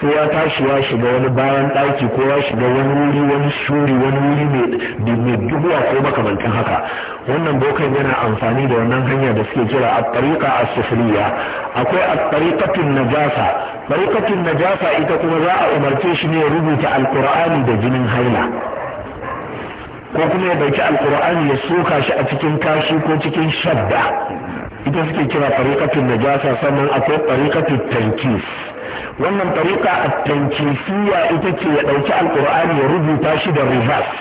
sai ya tashi ya shiga wani bayan ɗaki ko ya shiga wani wuri wani shuri wani wuri mai dubuwa ko makamantan haka wannan bokan yana amfani da wannan hanya da suke kira a tariƙa a sufuriya akwai a tariƙatin najasa tariƙatin najasa ita kuma za a umarce shi ne ya rubuta alƙur'ani da jinin haila ko kuma ya ɗauki alƙur'ani ya soka shi a cikin kashi ko cikin shadda ita suke kira tariƙatin najasa sannan akwai tariƙatin tankis wannan tariqa at-tanqisiyya ita ce ya ɗauki al'ur'ani ya rubuta shi da reverse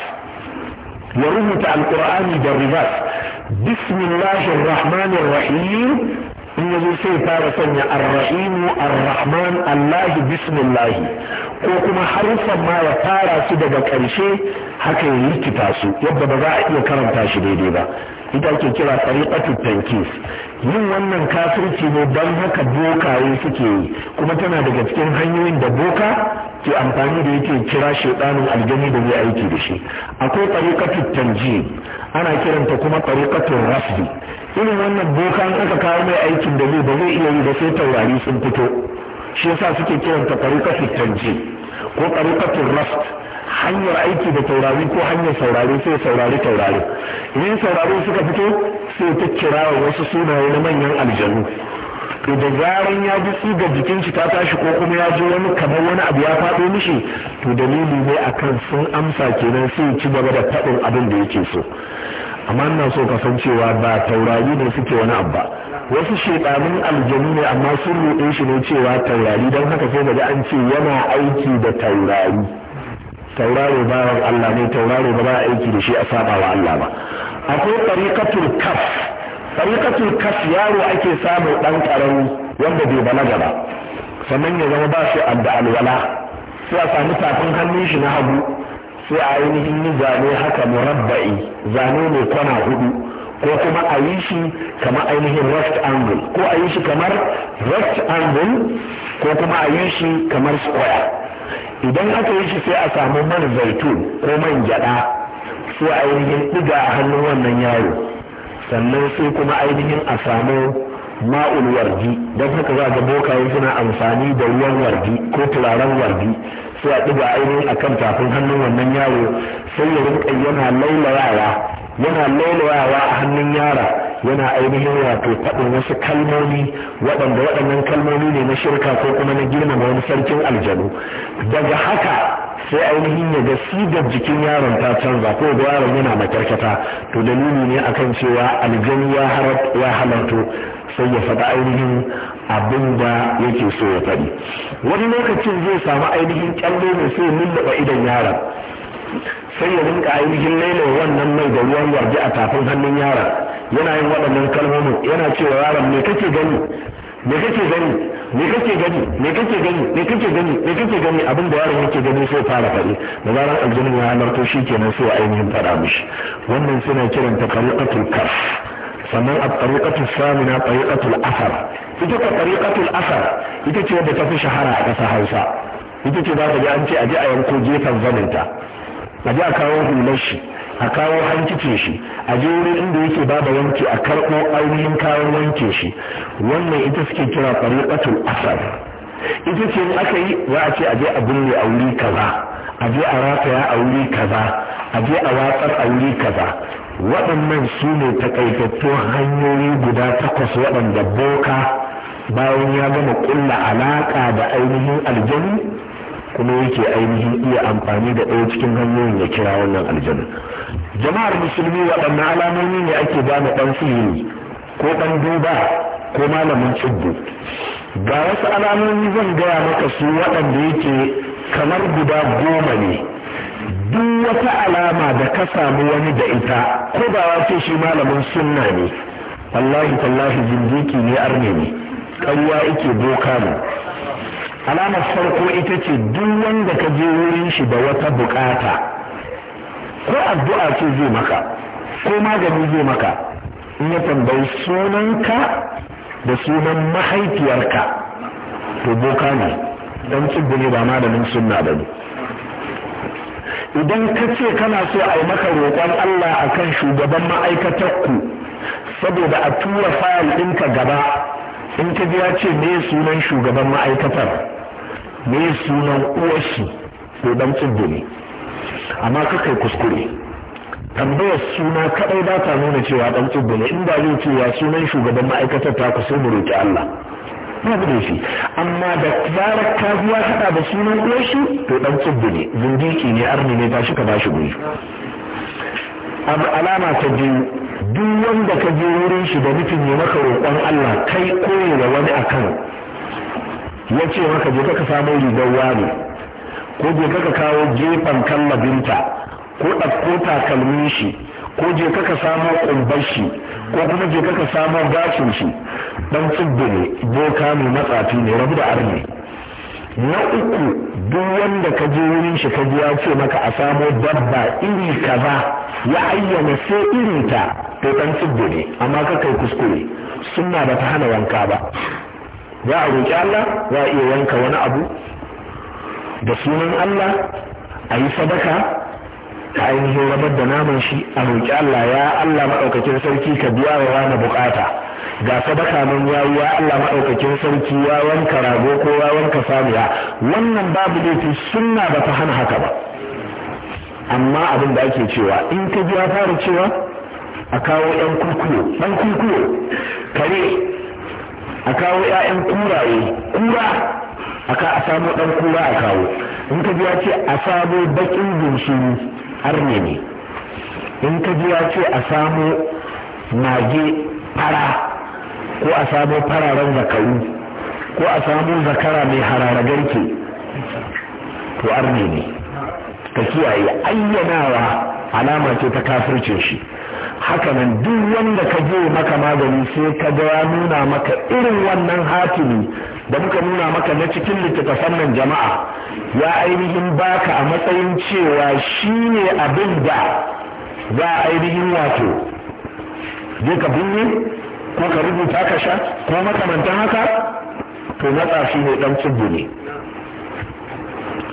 ya rubuta alqur'ani da reverse bismillahir rahmanir rahim in yazo sai fara sanya ar-rahimu ar-rahman allah bismillah ko kuma harufan ma ya fara su daga karshe haka ya likita su yadda ba za a iya karanta shi daidai ba ita ake kira tsariƙatu tankis yin wannan kafirci ne don haka bokaye suke yi kuma tana daga cikin hanyoyin da boka ke amfani da yake kira shedanin aljani da zai aiki da shi akwai tsariƙatu tanji ana kiranta kuma tsariƙatu rasbi irin wannan boka an aka kawo mai aikin da zai ba zai iya yi ba sai taurari sun fito shi yasa suke kiranta tsariƙatu tanji ko tsariƙatu rasbi hanyar aiki da taurari ko hanyar saurari sai saurari taurari idan saurari suka fito sai ta kira wa wasu sunaye na manyan aljanu da zaran ya ji ga jikin shi ta tashi ko kuma ya ji wani kamar wani abu ya faɗo mishi to dalili ne akan sun amsa kenan sai ci gaba da faɗin abin da yake so amma ina so ka san cewa ba taurari ne suke wani abu ba wasu shekarun aljanu ne amma sun ruɗe shi ne cewa taurari don haka sai da an ce yana aiki da taurari tauraro wa Allah ne tauraro ba ba aiki da shi a saba wa Allah ba akwai tariqatul kaf tariqatul kaf yaro ake samu dan karami wanda bai balaga ba sannan ya zama ba shi da alwala sai a samu tafin hannun shi na hagu sai a ainihin ni zane haka murabba'i zane ne kwana hudu ko kuma a yi shi kamar ainihin rest angle ko a yi shi kamar rest angle ko kuma a yi shi kamar square idan aka yi shi sai a samu man zaitun ko man gyada sai ainihin ɗiga a hannun wannan yaro sannan sai kuma ainihin a samu ma'ul wargi don haka za ga bokaye suna amfani da ruwan wardi ko turaren wardi sai a ɗiga ainihin akan tafin hannun wannan yaro sai ya rinka yana yana lailayawa a hannun yara yana ainihin wato faɗin wasu kalmomi waɗanda waɗannan kalmomi ne na shirka ko kuma na girmama wani sarkin aljanu daga haka sai ainihin ya ga sigar jikin yaron ta canza ko da yaron yana makarkata to dalili ne akan cewa aljanu ya halarto sai ya faɗa ainihin abin da yake so ya faɗi wani lokacin zai samu ainihin kyalle mai sai lulluɓe idon yaron sai ya rinka ainihin lailawa wannan mai da ruwan warje a tafin hannun yaron yana yin waɗannan kalmomin yana cewa yaron me kake gani me kake gani me kake gani me kake gani me kake gani me kake gani abin da yaron yake gani sai fara faɗi da zarar aljanin ya halarto shi kenan sai ainihin faɗa mishi wannan suna kiranta kariƙatul kaf sannan a kariƙatul samina kariƙatul asar ita ka kariƙatul asar ita ce wadda ta fi shahara a ƙasar Hausa ita ce za ta ga an ce a ji a yanko gefen zaninta a ji a kawo hular shi a kawo hankicin shi a je wurin inda yake ba da wanki a karɓo ainihin kawo wanke shi wannan ita suke kira fariƙatul asar ita ce in aka yi za a ce a je a binne a wuri kaza a je a rataya a wuri kaza a je a watsar a wuri kaza waɗannan su ne takaitattun hanyoyi guda takwas waɗanda boka bayan ya gama ƙulla alaƙa da ainihin aljanu kuma yake ainihin iya amfani da ɗaya cikin hanyoyin ya kira wannan aljanna jama'ar musulmi waɗanne alamomi ne ake gane ɗan sihiri ko ɗan duba ko malamin tsibbu ga wasu alamomi zan gaya maka su waɗanda yake kamar guda goma ne duk wata alama da ka samu wani da ita ko ba wa ce shi malamin sunna ne wallahi tallahi zindiki ne arne ne ƙarya ike boka ne alamar farko ita ce duk wanda ka je wurin shi da wata bukata ko addu'a ce zai maka ko magani zai maka in ya tambayi sunanka da sunan mahaifiyarka to boka ne don tsibbi ne ba malamin sunna ba ne idan ka ce kana so a yi maka roƙon Allah a kan shugaban ma'aikatarku saboda a tura fayil ɗinka gaba in ka biya ce me sunan shugaban ma'aikatar me sunan uwarshi sai dan tsibbo amma kakai kuskure tambayar suna kadai ba ta nuna cewa dan tsibbo in inda zai cewa sunan shugaban ma'aikatar ta ku sai mu roki Allah ba da shi amma da zarar ka zuwa kada da sunan uwarshi to dan tsibbo ne zindiki ne arni ne ba shi ka ba shi guri abu alama ta biyu duk wanda ka je wurin shi da nufin ya maka roƙon Allah kai koyewa wani akan ya ce maka je ka samo rigar wani ko je ka kawo gefen kallabinta ko ɗauko takalmin shi ko je ka samo ƙumbar shi ko kuma je ka samo gashin shi dan tsibbi ne boka ne matsafi ne rabu da arni na uku duk wanda ka je wurin shi ka ji ya ce maka a samo dabba iri kaza ya ayyana sai irinta to dan tsibbi ne amma ka kai kuskure suna ba ta hana wanka ba za a roƙi Allah za a iya yanka wani abu da sunan Allah a yi sadaka a ainihin rabar da naman shi a roƙi Allah ya Allah maɗaukakin sarki ka biya wa wani bukata ga sadaka nan ya ya Allah maɗaukakin sarki ya wanka rago ko ya wanka samiya wannan babu laifi sunna ba ta hana haka ba amma abin da ake cewa in ka ji fara cewa a kawo ɗan kurkuyo ɗan kurkuyo kare a kawo 'ya'yan kuraye kura a samu ɗan kura a kawo in ka biya ce a samu bakin gunshiri arne ne in ka biya ce a samu mage fara ko a samu fararen zakaru ko a samu zakara mai hararagarki to arne ne ka kiyaye ayyanawa alama ce ta kafircin shi haka nan duk wanda ka je maka magani sai ka ga ya nuna maka irin wannan hatimi da muka nuna maka na cikin littattafan nan jama'a ya ainihin baka a matsayin cewa shi ne abin da za a ainihin wato je ka binne ko ka rubuta ka sha ko makamantan haka to shi ne dan tsibiri.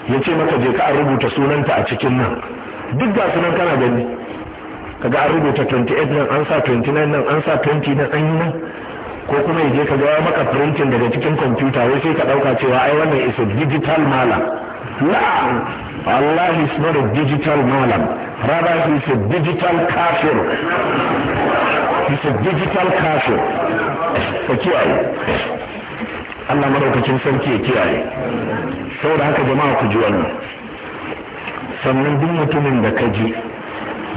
ne ya ce maka je ka rubuta sunanta a cikin nan duk ga sunan kana gani kaga an rubuta 28 nan an sa 29 nan an sa 20 nan an yi nan ko kuma je ka ga maka printing daga cikin computer wai sai ka dauka cewa ai wannan is a digital malam la Allah is not a digital malam rather he is a digital kafir he is a digital kafir ka kiyaye Allah madaukakin sarki ya kiyaye saboda haka jama'a ku ji wannan sannan duk mutumin da ka ji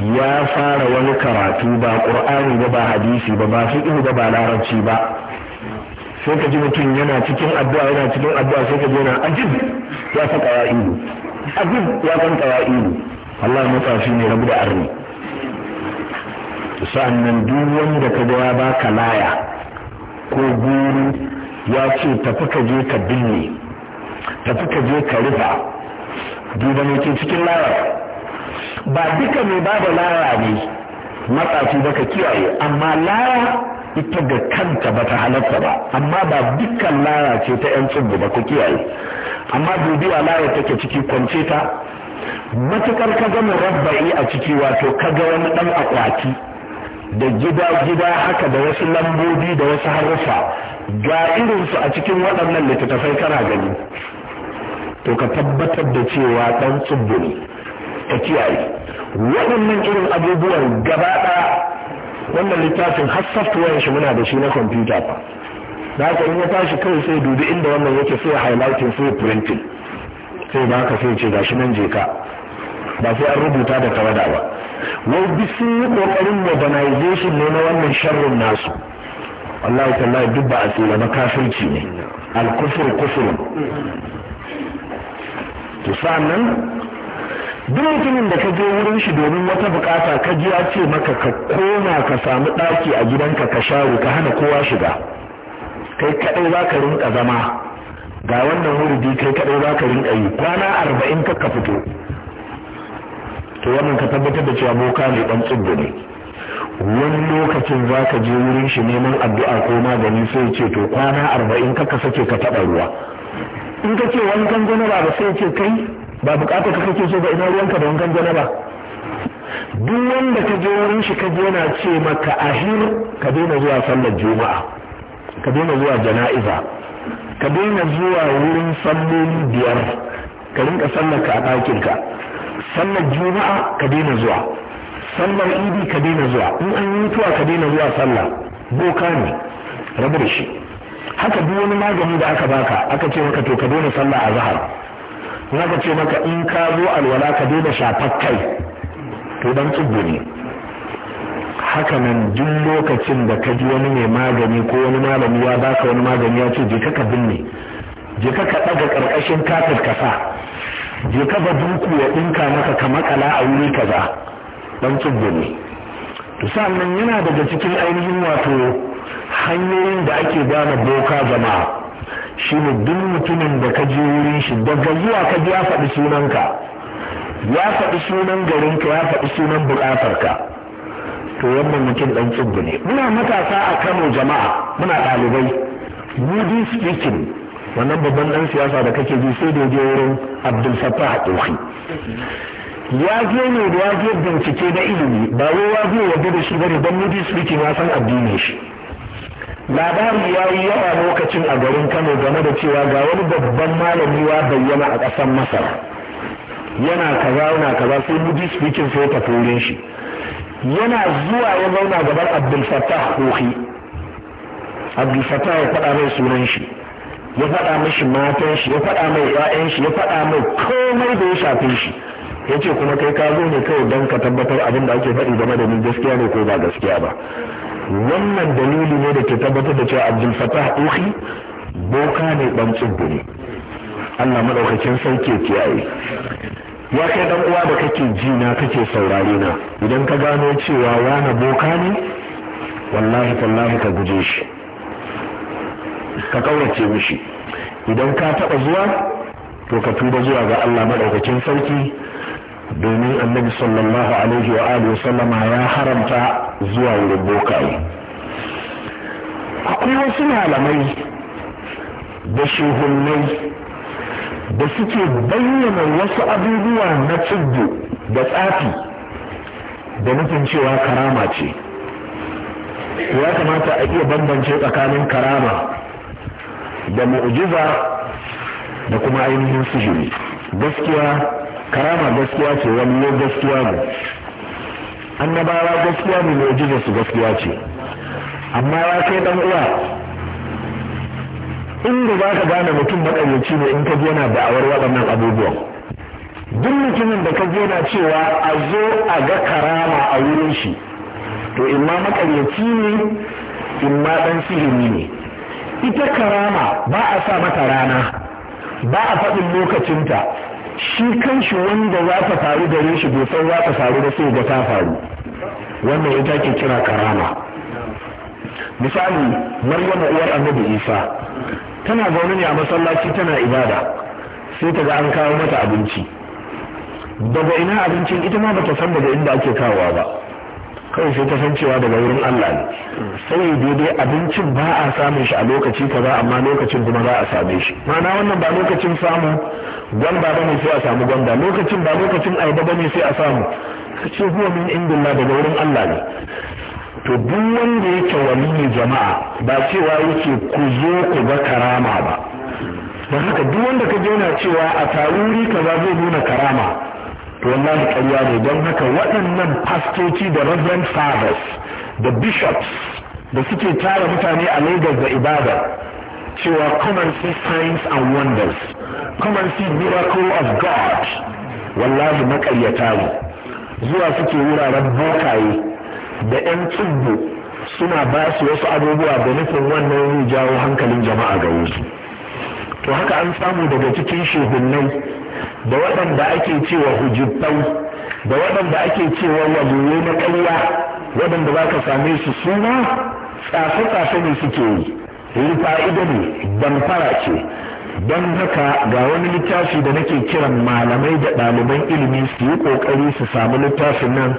ya fara wani karatu ba ƙur'ani ba ba hadisi ba ba fiqh ba ba larabci ba sai ka ji mutum yana cikin addu'a yana cikin addu'a sai ka ji yana ajib ya fa qawaidu ajib ya kan qawaidu Allah shi ne rabu da arni sannan duk wanda ka ga ya ka laya ko guru ya ce tafi ka je ka binne tafi ka je ka rufa duba ne ke cikin laya ba duka mai ba da lara ne matsafi ba ka kiyaye amma lara ita ga kanta ba ta halatta ba amma ba dukkan lara ce ta yan tsubu ba ku kiyaye amma dubiwa lara take ciki kwance ta matukar ka gama murabba'i a ciki wato ka ga wani dan akwati da gida-gida haka da wasu lambobi da wasu harufa ga irinsu a cikin waɗannan littattafai kana gani to ka tabbatar da cewa ɗan tsubu ta kiyaye waɗannan irin abubuwan gaba ɗaya wannan littafin har software shi muna da shi na kwamfuta fa da haka in ya tashi kawai sai dubi inda wannan yake sai highlighting sai printing sai ba ka sai ce gashi nan je ka ba sai an rubuta da tawada ba wai bi sun yi kokarin modernization ne na wannan sharrin nasu wallahi tallahi duk ba a tsira ba kafirci ne al kufur kufrun to nan. duk mutumin da ka je wurin shi domin wata bukata ka ji ya ce maka ka koma ka samu ɗaki a gidanka ka share ka hana kowa shiga kai kaɗai za ka rinka zama ga wannan wuridi kai kaɗai za ka rinka yi kwana arba'in ka ka fito to wannan ka tabbatar da cewa boka ne dan tsibbi ne wani lokacin za ka je wurin shi neman addu'a ko magani sai ce to kwana arba'in ka ka sake ka taɓa ruwa in ka ce wani kan ba sai ce kai ba bukatar ka kake so ba ina ruwanka da wankan janaba duk wanda ka je wurin shi ka je na ce maka ahir ka daina zuwa sallar juma'a ka daina zuwa jana'iza ka daina zuwa wurin salloli biyar ka rinka sallar a ɗakin ka sallar juma'a ka daina zuwa sallar idi ka daina zuwa in an yi mutuwa ka daina zuwa sallah boka ne rabu da shi haka duk wani magani da aka baka aka ce maka to ka daina sallah a zahar naka ga ce maka in ka zo alwala ka daina shafar kai to dan tsibbi ne haka nan duk lokacin da ka ji wani mai magani ko wani malami ya baka wani magani ya ce je ka binne je ka ka daga karkashin kafir ka sa je ka ba duku ya dinka maka ka makala a wuri kaza dan tsibbi ne to sannan yana daga cikin ainihin wato hanyoyin da ake gane boka jama'a shi ne duk mutumin da ka je wurin shi daga zuwa ka ya faɗi sunanka ya faɗi sunan garinka ya faɗi sunan buƙatarka to wannan mutum ɗan tsibbu ne muna matasa a kano jama'a muna ɗalibai moody speaking wannan babban ɗan siyasa da kake ji sai da je wurin abdul fattah ɗofi ya je ne da ya je bincike na ilimi ba wai ya je da shi bane don moody speaking ya san addinin shi labari ya yi yawa lokacin a garin kano game da cewa ga wani babban malami ya bayyana a ƙasar masar yana kaza yana kaza sai muji speaking sai ta turin shi yana zuwa ya zauna gabar abdul fattah ruhi abdul fattah ya faɗa mai sunan shi ya faɗa mashi matan shi ya faɗa mai ƴaƴan shi ya faɗa mai komai da ya shafe shi ya ce kuma kai ka zo ne kawai don ka tabbatar abin da ake faɗi game da ni gaskiya ne ko ba gaskiya ba wannan dalili ne da ke tabbatar da cewa abdul fatah uhi boka ne dan tsibiri allah maɗaukakin sauke kiyaye ya kai dan uwa da kake ji na kake saurare na idan ka gano cewa wani boka ne wallahi tallahi ka guje shi ka kaurace mishi idan ka taɓa zuwa to ka tuba zuwa ga allah maɗaukakin sauki domin annabi sallallahu alaihi wa alihi sallama ya haramta zuwa wurin bokaye akwai wasu malamai da shehunnai da suke bayyana wasu abubuwa na tuddu da tsafi da nufin cewa karama ce ya kamata a iya bambance tsakanin karama da mu'jiza da kuma ainihin sihiri gaskiya karama gaskiya ce wani ne gaskiya ne annabawa gaskiya ne mai jiza su gaskiya ce amma ya kai dan uwa inda za ka gane mutum maƙaryaci ne in ka je yana da'awar waɗannan abubuwan duk mutumin da ka je cewa a zo a ga karama a wurin shi to ma maƙaryaci ne in ma ɗan sihiri ne ita karama ba a sa mata rana ba a faɗin lokacinta shi kanshi wanda za ta faru gare shi bai za ta faru da sai ga ta faru wannan ita ke kira karama misali maryama uwar annabi isa tana zaune ne a masallaci tana ibada sai ta ga an kawo mata abinci daga ina abincin ita ma bata san daga inda ake kawowa ba kawai sai ta san cewa daga wurin Allah ne sai daidai abincin ba a samun shi a lokaci kaza amma lokacin kuma za a same shi ma'ana wannan ba lokacin samu gwanda bane sai a samu gwanda lokacin ba lokacin ayaba bane sai a samu Ka ce huwa min indillah daga wurin Allah ne to duk wanda yake ne jama'a ba cewa yake ku zo ku ga karama ba don haka duk wanda ka je na cewa a taruri kaza zai nuna karama to wallahi ƙarya ne don haka waɗannan fastoci da reverend fathers da bishops da suke tara mutane a Lagos da ibada cewa come and signs and wonders come and miracle of God wallahi maƙaryata ne zuwa suke wuraren bokaye da 'yan tsubbu suna ba su wasu abubuwa da nufin wannan zai jawo hankalin jama'a ga wasu to haka an samu daga cikin shehunai da waɗanda ake cewa hujjattau da waɗanda ake cewa wazoye na ƙarya waɗanda za ka same su suna tsafe-tsafe ne suke yi rufa'ida ne damfara ce don haka ga wani littafi da nake kiran malamai da ɗaliban ilimi su yi ƙoƙari su samu littafin nan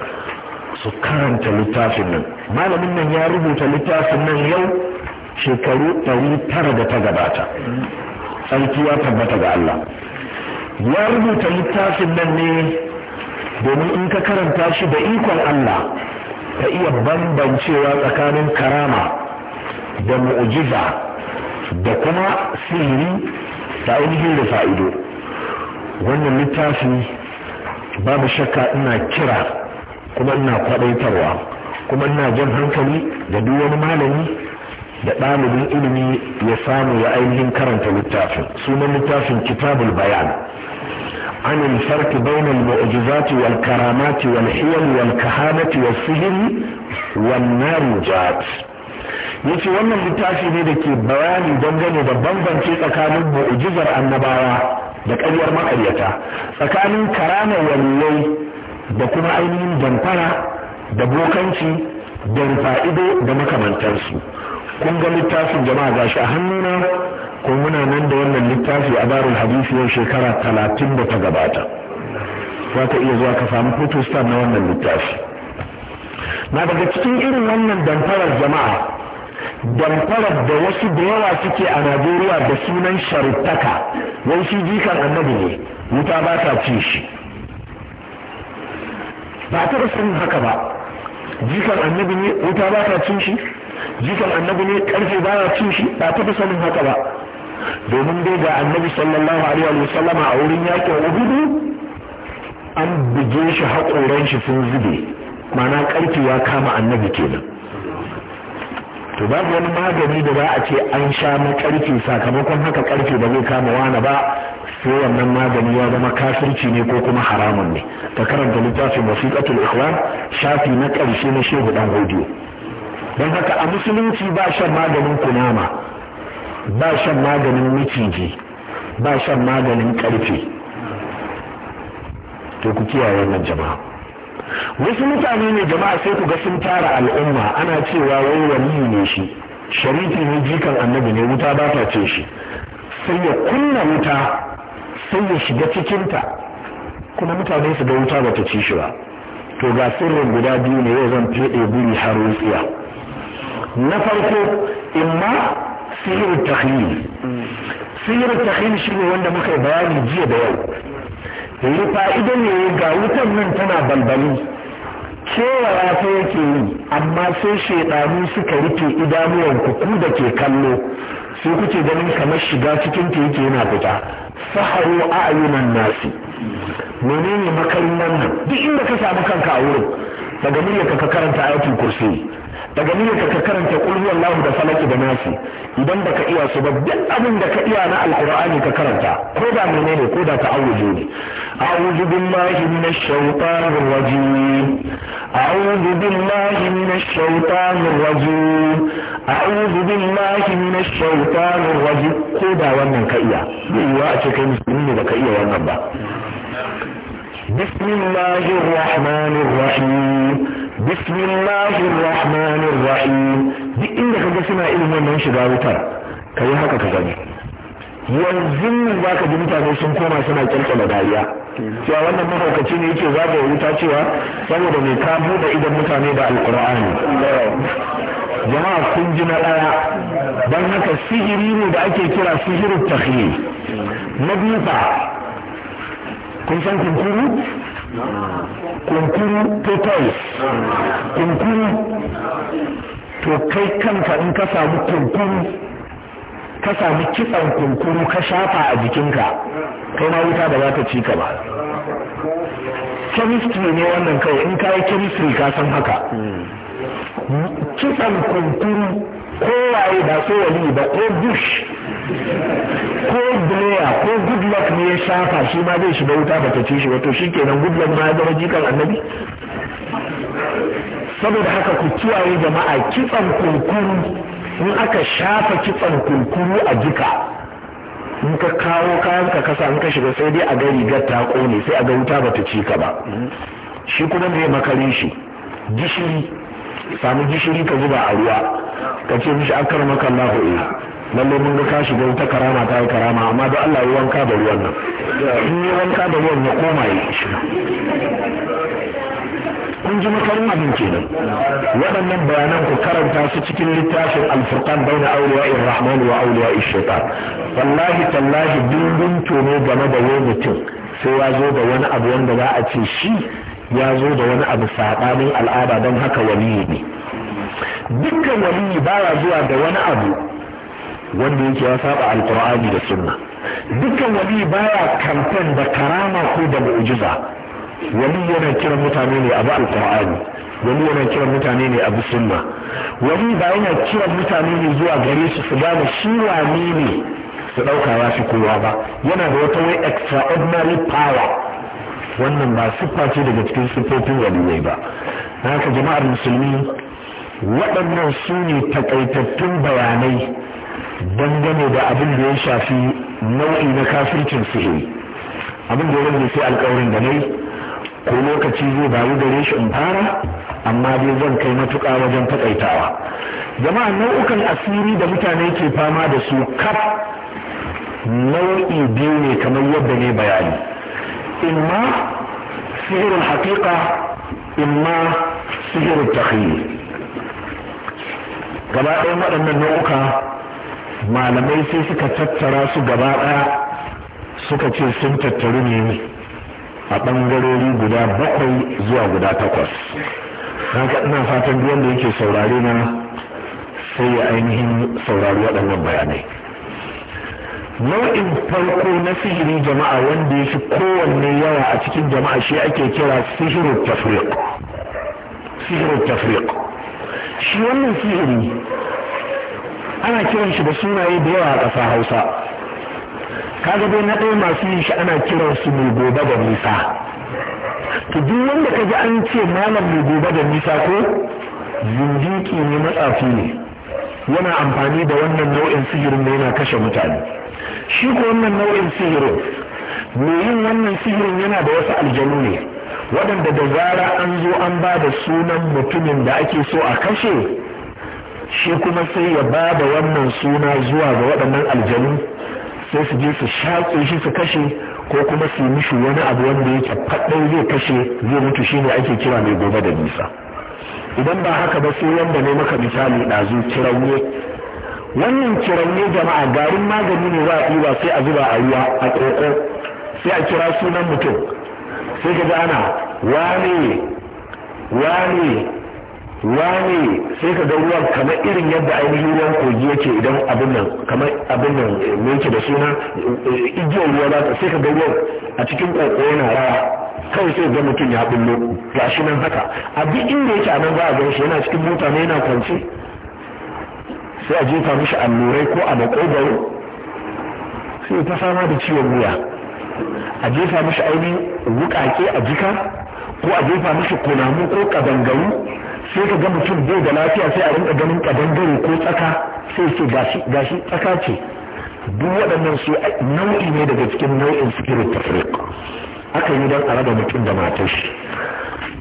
su karanta littafin nan malamin nan ya rubuta littafin nan yau shekaru ɗari tara da ta gabata tsarki ya tabbata ga Allah ya rubuta littafin nan ne domin in ka karanta shi da ikon Allah ka iya bambancewa tsakanin karama da mu'ujiza da kuma sihiri da ainihin da fa'ido wannan littafi babu shakka ina kira kuma ina kwadaitarwa kuma ina jan hankali da duk wani malami da ɗalibin ilimi ya samu ya ainihin karanta littafin sunan littafin kitabul bayan عن الفرق بين المعجزات والكرامات والحيل والكهانة والسهر والنارجات yace wannan littafi ne da ke bayani don dangane da bambance tsakanin mu'jizar annabawa da ƙaryar ma'ayyata, tsakanin karama wallai da kuma ainihin damfara da bokanci da rufa'ido da makamantarsu kun ga littafin jama'a gashi a hannuna ko muna nan da wannan littafi a barul hadisi yau shekara talatin da ta gabata za ka iya zuwa ka samu star na wannan littafi na daga cikin irin wannan damfarar jama'a damfarar da wasu da yawa suke a najeriya da sunan sharuttaka wai shi jikan annabi ne wuta ba ta ci shi ba taɓa sanin haka ba jikan annabi ne wuta ba ta cin shi jikan annabi ne karfe ba ta cin shi ba taɓa sanin haka ba domin dai ga annabi sallallahu alaihi wa sallama a wurin yakin uhudu an buge shi haƙoran shi sun zube mana ƙarfi ya kama annabi kenan to babu wani magani da za a ce an sha na ƙarfi sakamakon haka ƙarfi ba zai kama wani ba sai wannan magani ya zama kafirci ne ko kuma haramun ne ka karanta littafin wasiqatul ikhwan shafi na ƙarshe na shehu dan hodiyo don haka a musulunci ba shan maganin kunama ba shan maganin miciji ba shan maganin karfe to ku kiyaye wannan jama'a wasu mutane ne jama'a sai ku ga sun tara al'umma ana cewa wai waliyu ne shi shariki ne jikan annabi ne wuta ba ta ce shi sai ya kunna wuta sai ya shiga cikinta kuma mutane su ga wuta ba ta ci shi ba to ga sirrin guda biyu ne yau zan ɗaya guri har wutsiya na farko in ma. sihirin tahlil sihirin tahlil shi ne wanda muka yi bayani jiya da yau yi fa'ida ne ga wutan nan tana balbali kewa ta yake yi amma sai shaidanu suka rufe idanuwan ku da ke kallo sai kuke ganin kamar shiga cikin ta yake yana fita saharo a ayyunan nasi menene makarin duk inda ka samu kanka a wurin daga muryarka ka karanta ayatul kursi daga niyyar ka karanta kul huwa huwallahu da falaki da nasi idan baka iya su ba duk abin da ka iya na alqur'ani ka karanta ko da menene ko da ta'awuzu ne a'udhu billahi minash shaitanir rajim a'udhu billahi minash shaitanir rajim a'udhu billahi minash shaitanir rajim ko da wannan ka iya zai yiwa a ce kai musulmi ne baka iya wannan ba بسم الله الرحمن الرحيم بسم الله الرحمن الرحيم duk inda ga suna irin wannan shiga wutar yi haka ka gani yanzu za ka ji mutane sun koma suna kyalkyala dariya cewa wannan mahaukaci ne yake zagaya wuta cewa saboda mai ka buɗe idan mutane da alƙur'ani jama'a kun ji na ɗaya don haka sihiri ne da ake kira sihirin tahiyyi na biyu kun san kunkuru kunkuru to kai kanka in ka samu kunkuru ka samu kitsan kunkuru ka shafa a jikinka kai ma wuta ba za ta ci ka ba chemistry ne wannan kawai in ka yi chemistry ka san haka kitsan kunkuru kowaye ba so wani ba ko bush ko Blair ko Gudlok ne ya shafa shi ma zai shiga wuta ba ta ci shi wato shikenan Goodluck ma ya zama jikan annabi saboda haka ku kiyaye jama'a kitsan kurkuru in aka shafa kitsan kurkuru a jika in ka kawo kayan ka kasa in ka shiga sai dai a ga rigar ta kone sai a ga wuta bata ci ka ba shi kuma me makarin shi gishiri samu gishiri ka zuba a ruwa ka ce mishi akar maka eh lalle mun ga ka shiga wata karama ta yi karama amma don Allah yi wanka da ruwan nan in yi wanka da ruwan ya koma ya kun ji makarin abin kenan waɗannan bayanan ku karanta su cikin littafin alfurqan baina awliya rahman wa awliya shaitan wallahi tallahi dindin tono game da wani mutum sai ya zo da wani abu wanda za a ce shi ya zo da wani abu saɓanin al'ada don haka waliyi ne dukkan waliyi baya zuwa da wani abu wanda yake ya saba alkur'ani da sunna dukkan wali baya kamfen da karama ko da mu'jiza Wani yana kiran mutane ne abu alkur'ani wani yana kiran mutane ne abu sunna wani ba yana kiran mutane ne zuwa gare su su gane shi ne su ɗauka ya fi kowa ba yana da wata wai extraordinary power wannan ba siffa ce daga cikin siffofin waliyai ba na haka jama'ar musulmi waɗannan su ne takaitattun bayanai dangane da abin da ya shafi nau'i na kafircin sihiri abin da ya rage sai alkawarin da nai ko lokaci zai bayu gare shi in fara amma dai zan kai matuƙa wajen takaitawa jama'a nau'ukan asiri da mutane ke fama da su kaf nau'i biyu ne kamar yadda ne bayani imma sihirin haƙiƙa imma sihirin takhiri gaba ɗayan waɗannan nau'uka malamai sai suka tattara su gaba ɗaya suka ce sun tattaru ne a ɓangarori guda bakwai zuwa guda takwas haka ina fatan duk wanda yake saurare na sai ya ainihin saurari waɗannan bayanai nau'in farko na sihiri jama'a wanda ya fi kowanne yawa a cikin jama'a shi ake kira sihirin tafriq sihirin tafriq shi wannan sihiri ana kiran shi da sunaye da yawa a ƙasa hausa kaga dai na ɗaya masu yin shi ana kiran su mai gobe da nisa to duk wanda kaji an ce malam mai gobe da nisa ko zindiki ne matsafi ne yana amfani da wannan nau'in sihirin da yana kashe mutane shi ko wannan nau'in sihirin mai yin wannan sihirin yana da wasu aljanu ne waɗanda da zara an zo an ba da sunan mutumin da ake so a kashe shi kuma sai ya ba da wannan suna zuwa ga waɗannan aljanu sai su je su shaƙe shi su kashe ko kuma su yi mishi wani abu wanda yake faɗin zai kashe zai mutu shi ne ake kira mai gobe da nisa idan ba haka ba sai wanda ne maka misali ɗazu kiranye wannan kiranye jama'a garin magani ne za a ɗiba sai a zuba a ruwa a ƙoƙo sai a kira sunan mutum sai ka ana wane wane Wani sai ka ga ruwan kamar irin yadda ainihin ruwan kogi yake idan abin nan kamar abin nan eh, da suna eh, igiyar ruwa za ta sai ka ga ruwan a cikin koko yana rawa kawai sai ga mutum ya bullo shi nan haka a duk inda yake a nan za a gan shi yana cikin mota ne yana kwance sai a jefa mishi allurai ko a makogaro sai ta fama da ciwon wuya a jefa mishi ainihin wukake a jika ko a jefa mishi kunamu ko kabangaru sai ka ga mutum bai da lafiya sai a rinka ganin kadangare ko tsaka sai ce gashi tsaka ce duk waɗannan su nau'i ne daga cikin nau'in spirit tafriq aka yi don a raba mutum da matar shi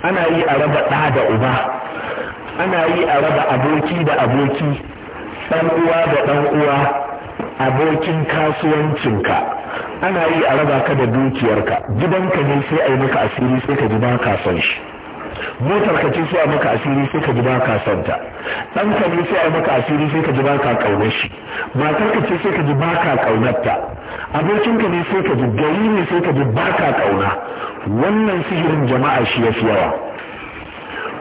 ana yi a raba ɗa da uba ana yi a raba aboki da aboki ɗan uwa da ɗan uwa abokin kasuwancinka ana yi a raba ka da dukiyarka gidanka ne sai a yi maka asiri sai ka ji ba ka son shi motar ka ce sai a maka asiri sai ka ji ba ka santa dan ka ne sai a maka asiri sai ka ji ba ka kaunar shi matar ka ce sai ka ji ba ka kaunar ta abokin ka ne sai ka ji gari ne sai ka ji ba ka kauna wannan sihirin jama'a shi ya fi yawa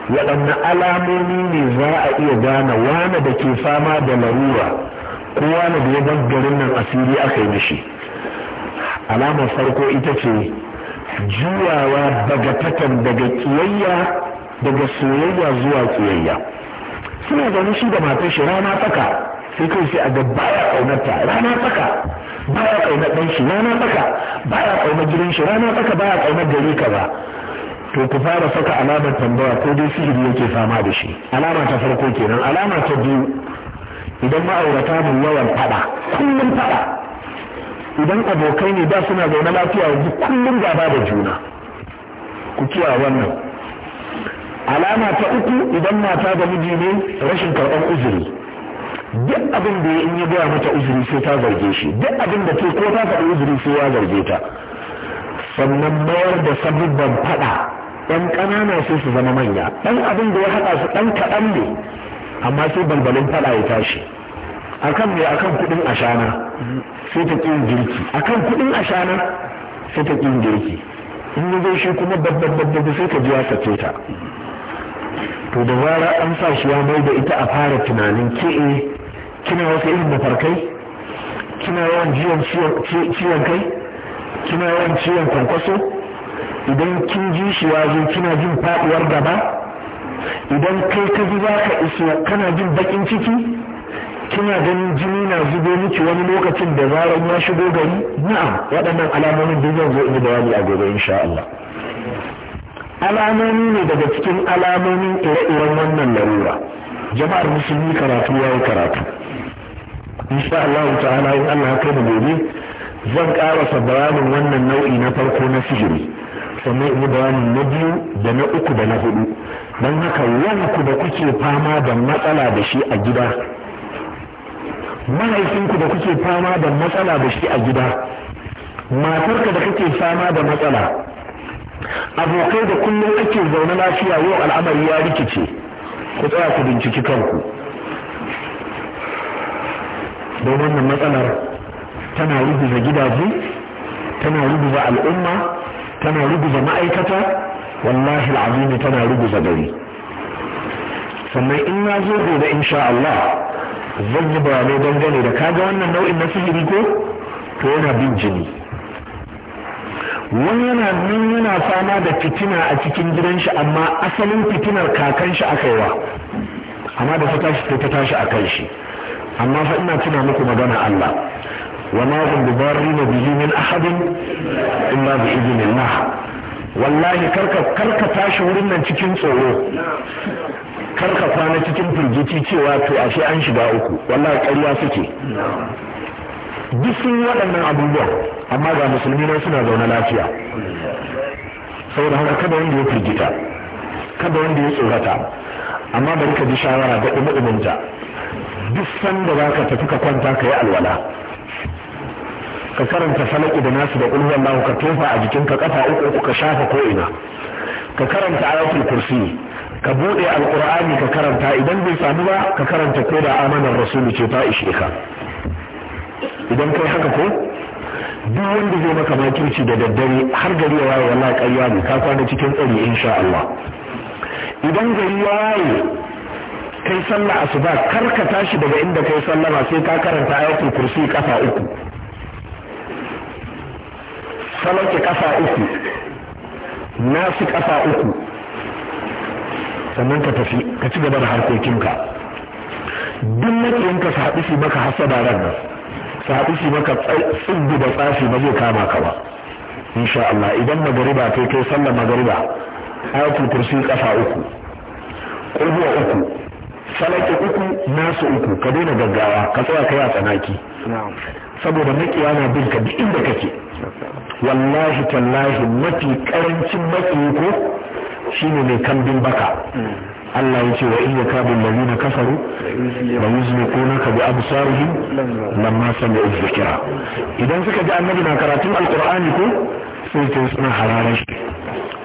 waɗanne alamomi ne za a iya gane wane da ke fama da larura ko wane da ya bar garin nan asiri aka yi mishi alamar farko ita ce juyawa daga fatan daga kiyayya daga soyayya zuwa kiyayya suna zaune shi da matar shi rana tsaka sai kai sai a ga baya kaunarta rana tsaka baya kaunar ɗan shi rana tsaka baya kaunar gidan shi rana tsaka baya kaunar gari ka ba to ku fara saka alamar tambaya ko dai sihiri yake fama da shi alama ta farko kenan alama ta biyu idan ma'aurata mun yawan faɗa kullum faɗa. idan abokai ne ba suna zaune lafiya yanzu kullum gaba da juna ku kiya wannan alama ta uku idan mata da miji ne rashin karɓar uzuri duk abin da ya in gaya mata uzuri sai ta zarge shi duk abin da ke ko ta faɗi uzuri sai ya zarge ta sannan mayar da sabbin faɗa ɗan ƙanana sai su zama manya ɗan abin da ya haɗa su ɗan kaɗan ne amma sai balbalin faɗa ya tashi akan me akan kudin ashana sai ta kin girki akan kudin ashana sai ta kin girki in ya zo shi kuma babban babban sai ka ji ka sace ta to da zara an sa shi ya mai da ita a fara tunanin ke eh, kina wasu irin mafarkai kina yawan ciwon kai kina yawan ciwon kwankwaso idan kin ji shi ya zo kina jin faduwar gaba idan kai ka ji za ka iso kana jin bakin ciki kina ganin jini na zube miki wani lokacin da zarar ya shigo gari na'am waɗannan alamomin duk zan zo in bayani a gobe insha Allah alamomi ne daga cikin alamomin ire-iren wannan larura jama'ar musulmi karatu ya yi karatu insha Allah ta'ala in Allah ya mu gobe zan karasa bayanin wannan nau'i na farko na sihiri sannan in bayani na biyu da na uku da na hudu don haka yanku da kuke fama da matsala da shi a gida mahaifinku da kuke fama da matsala da shi a gida matarka da kake fama da matsala abokai da kullum ake zaune lafiya yau al'amari ya rikice ku tsaya ku binciki kanku don wannan matsalar tana ruguza gidaje tana ruguza al'umma tana ruguza ma'aikata wallahi al'azimi tana ruguza gari sannan in na zo gobe insha Allah zan yi bayanai dangane da kaga wannan nau'in na sihiri ko to yana bin jini wani yana nan yana fama da fitina a cikin gidan shi amma asalin fitinar kakan shi aka wa amma da ta tashi ta tashi a kan shi amma fa ina tuna muku magana Allah wa ma hum bidarrina bihi min ahadin illa bi idnillah wallahi karka karka tashi wurin nan cikin tsoro kar ka kwana cikin firgici cewa to ashe an shiga uku wallahi ƙarya suke duk sun waɗannan abubuwan amma ga musulmi nan suna zaune lafiya saboda haka kada wanda ya firgita kada wanda ya tsorata amma bari ka ji shawara da umuminta duk sanda za ka tafi ka kwanta ka yi alwala ka karanta salaki da nasu da ulwan lahu ka tofa a jikin ka kafa uku uku ka shafa ko ina ka karanta ayatul kursi ka buɗe alƙur'ani ka karanta idan bai samu ba ka karanta ko da amanar rasulu ce ta ishe ka idan kai haka ko duk wanda zai maka makirci da daddare har gari ya waye wallahi ƙarya ne ka kwana cikin tsari insha Allah idan gari ya waye kai sallah asuba kar ka tashi daga inda kai ba sai ka karanta ayatul kursi kafa uku salati kafa uku nasi kafa uku sannan ka tafi ka ci gaba da harkokinka duk makiyanka su haɗu su maka hasada ran nan su haɗu maka tsiggi da tsafi ba zai kama ka ba insha Allah idan magariba kai kai sallar magariba ayatul kursi kafa uku kulhuwa uku falaki uku nasu uku ka daina gaggawa ka tsaya kai a tsanaki saboda makiya na bin ka duk inda kake wallahi tallahi mafi karancin makiyi ko shine mai kambin baka Allah ya ce wa in yakabu allazina kafaru la yuzliqunaka bi absarihim lamma sami'u dhikra idan suka ji annabi na karatun alkur'ani ko sai ta suna hararar shi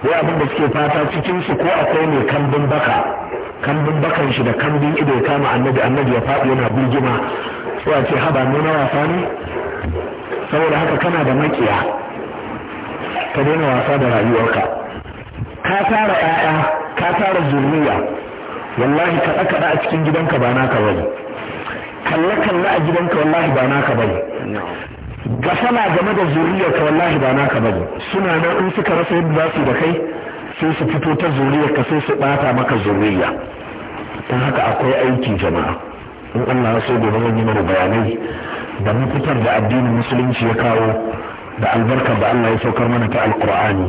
wai abin da suke fata cikin su ko akwai mai kambin baka kambin bakan shi da kambin ido ya kama annabi annabi ya faɗi yana birgima sai a ce haba nuna wasa ne saboda haka kana da makiya ka daina wasa da rayuwarka ka tara ƴaƴa ka tara zuriya wallahi kaɗa kaɗa a cikin gidanka ba naka ne kalle kalle a gidanka wallahi ba naka ne gafala game da zuriyarka wallahi ba naka ne suna nan in suka rasa yadda za su da kai sai su fito ta zuriyarka sai su ɓata maka zuriya don haka akwai aikin jama'a in Allah ya so gobe zan yi mana bayanai da mafitar da addinin musulunci ya kawo da albarka da Allah ya saukar mana ta alkur'ani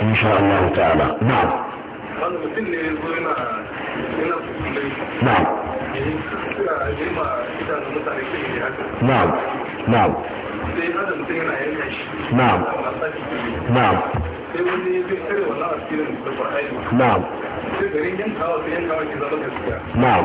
insha Allah ta'ala na'am eh, na'am na'am na'am na'am na'am na'am na'am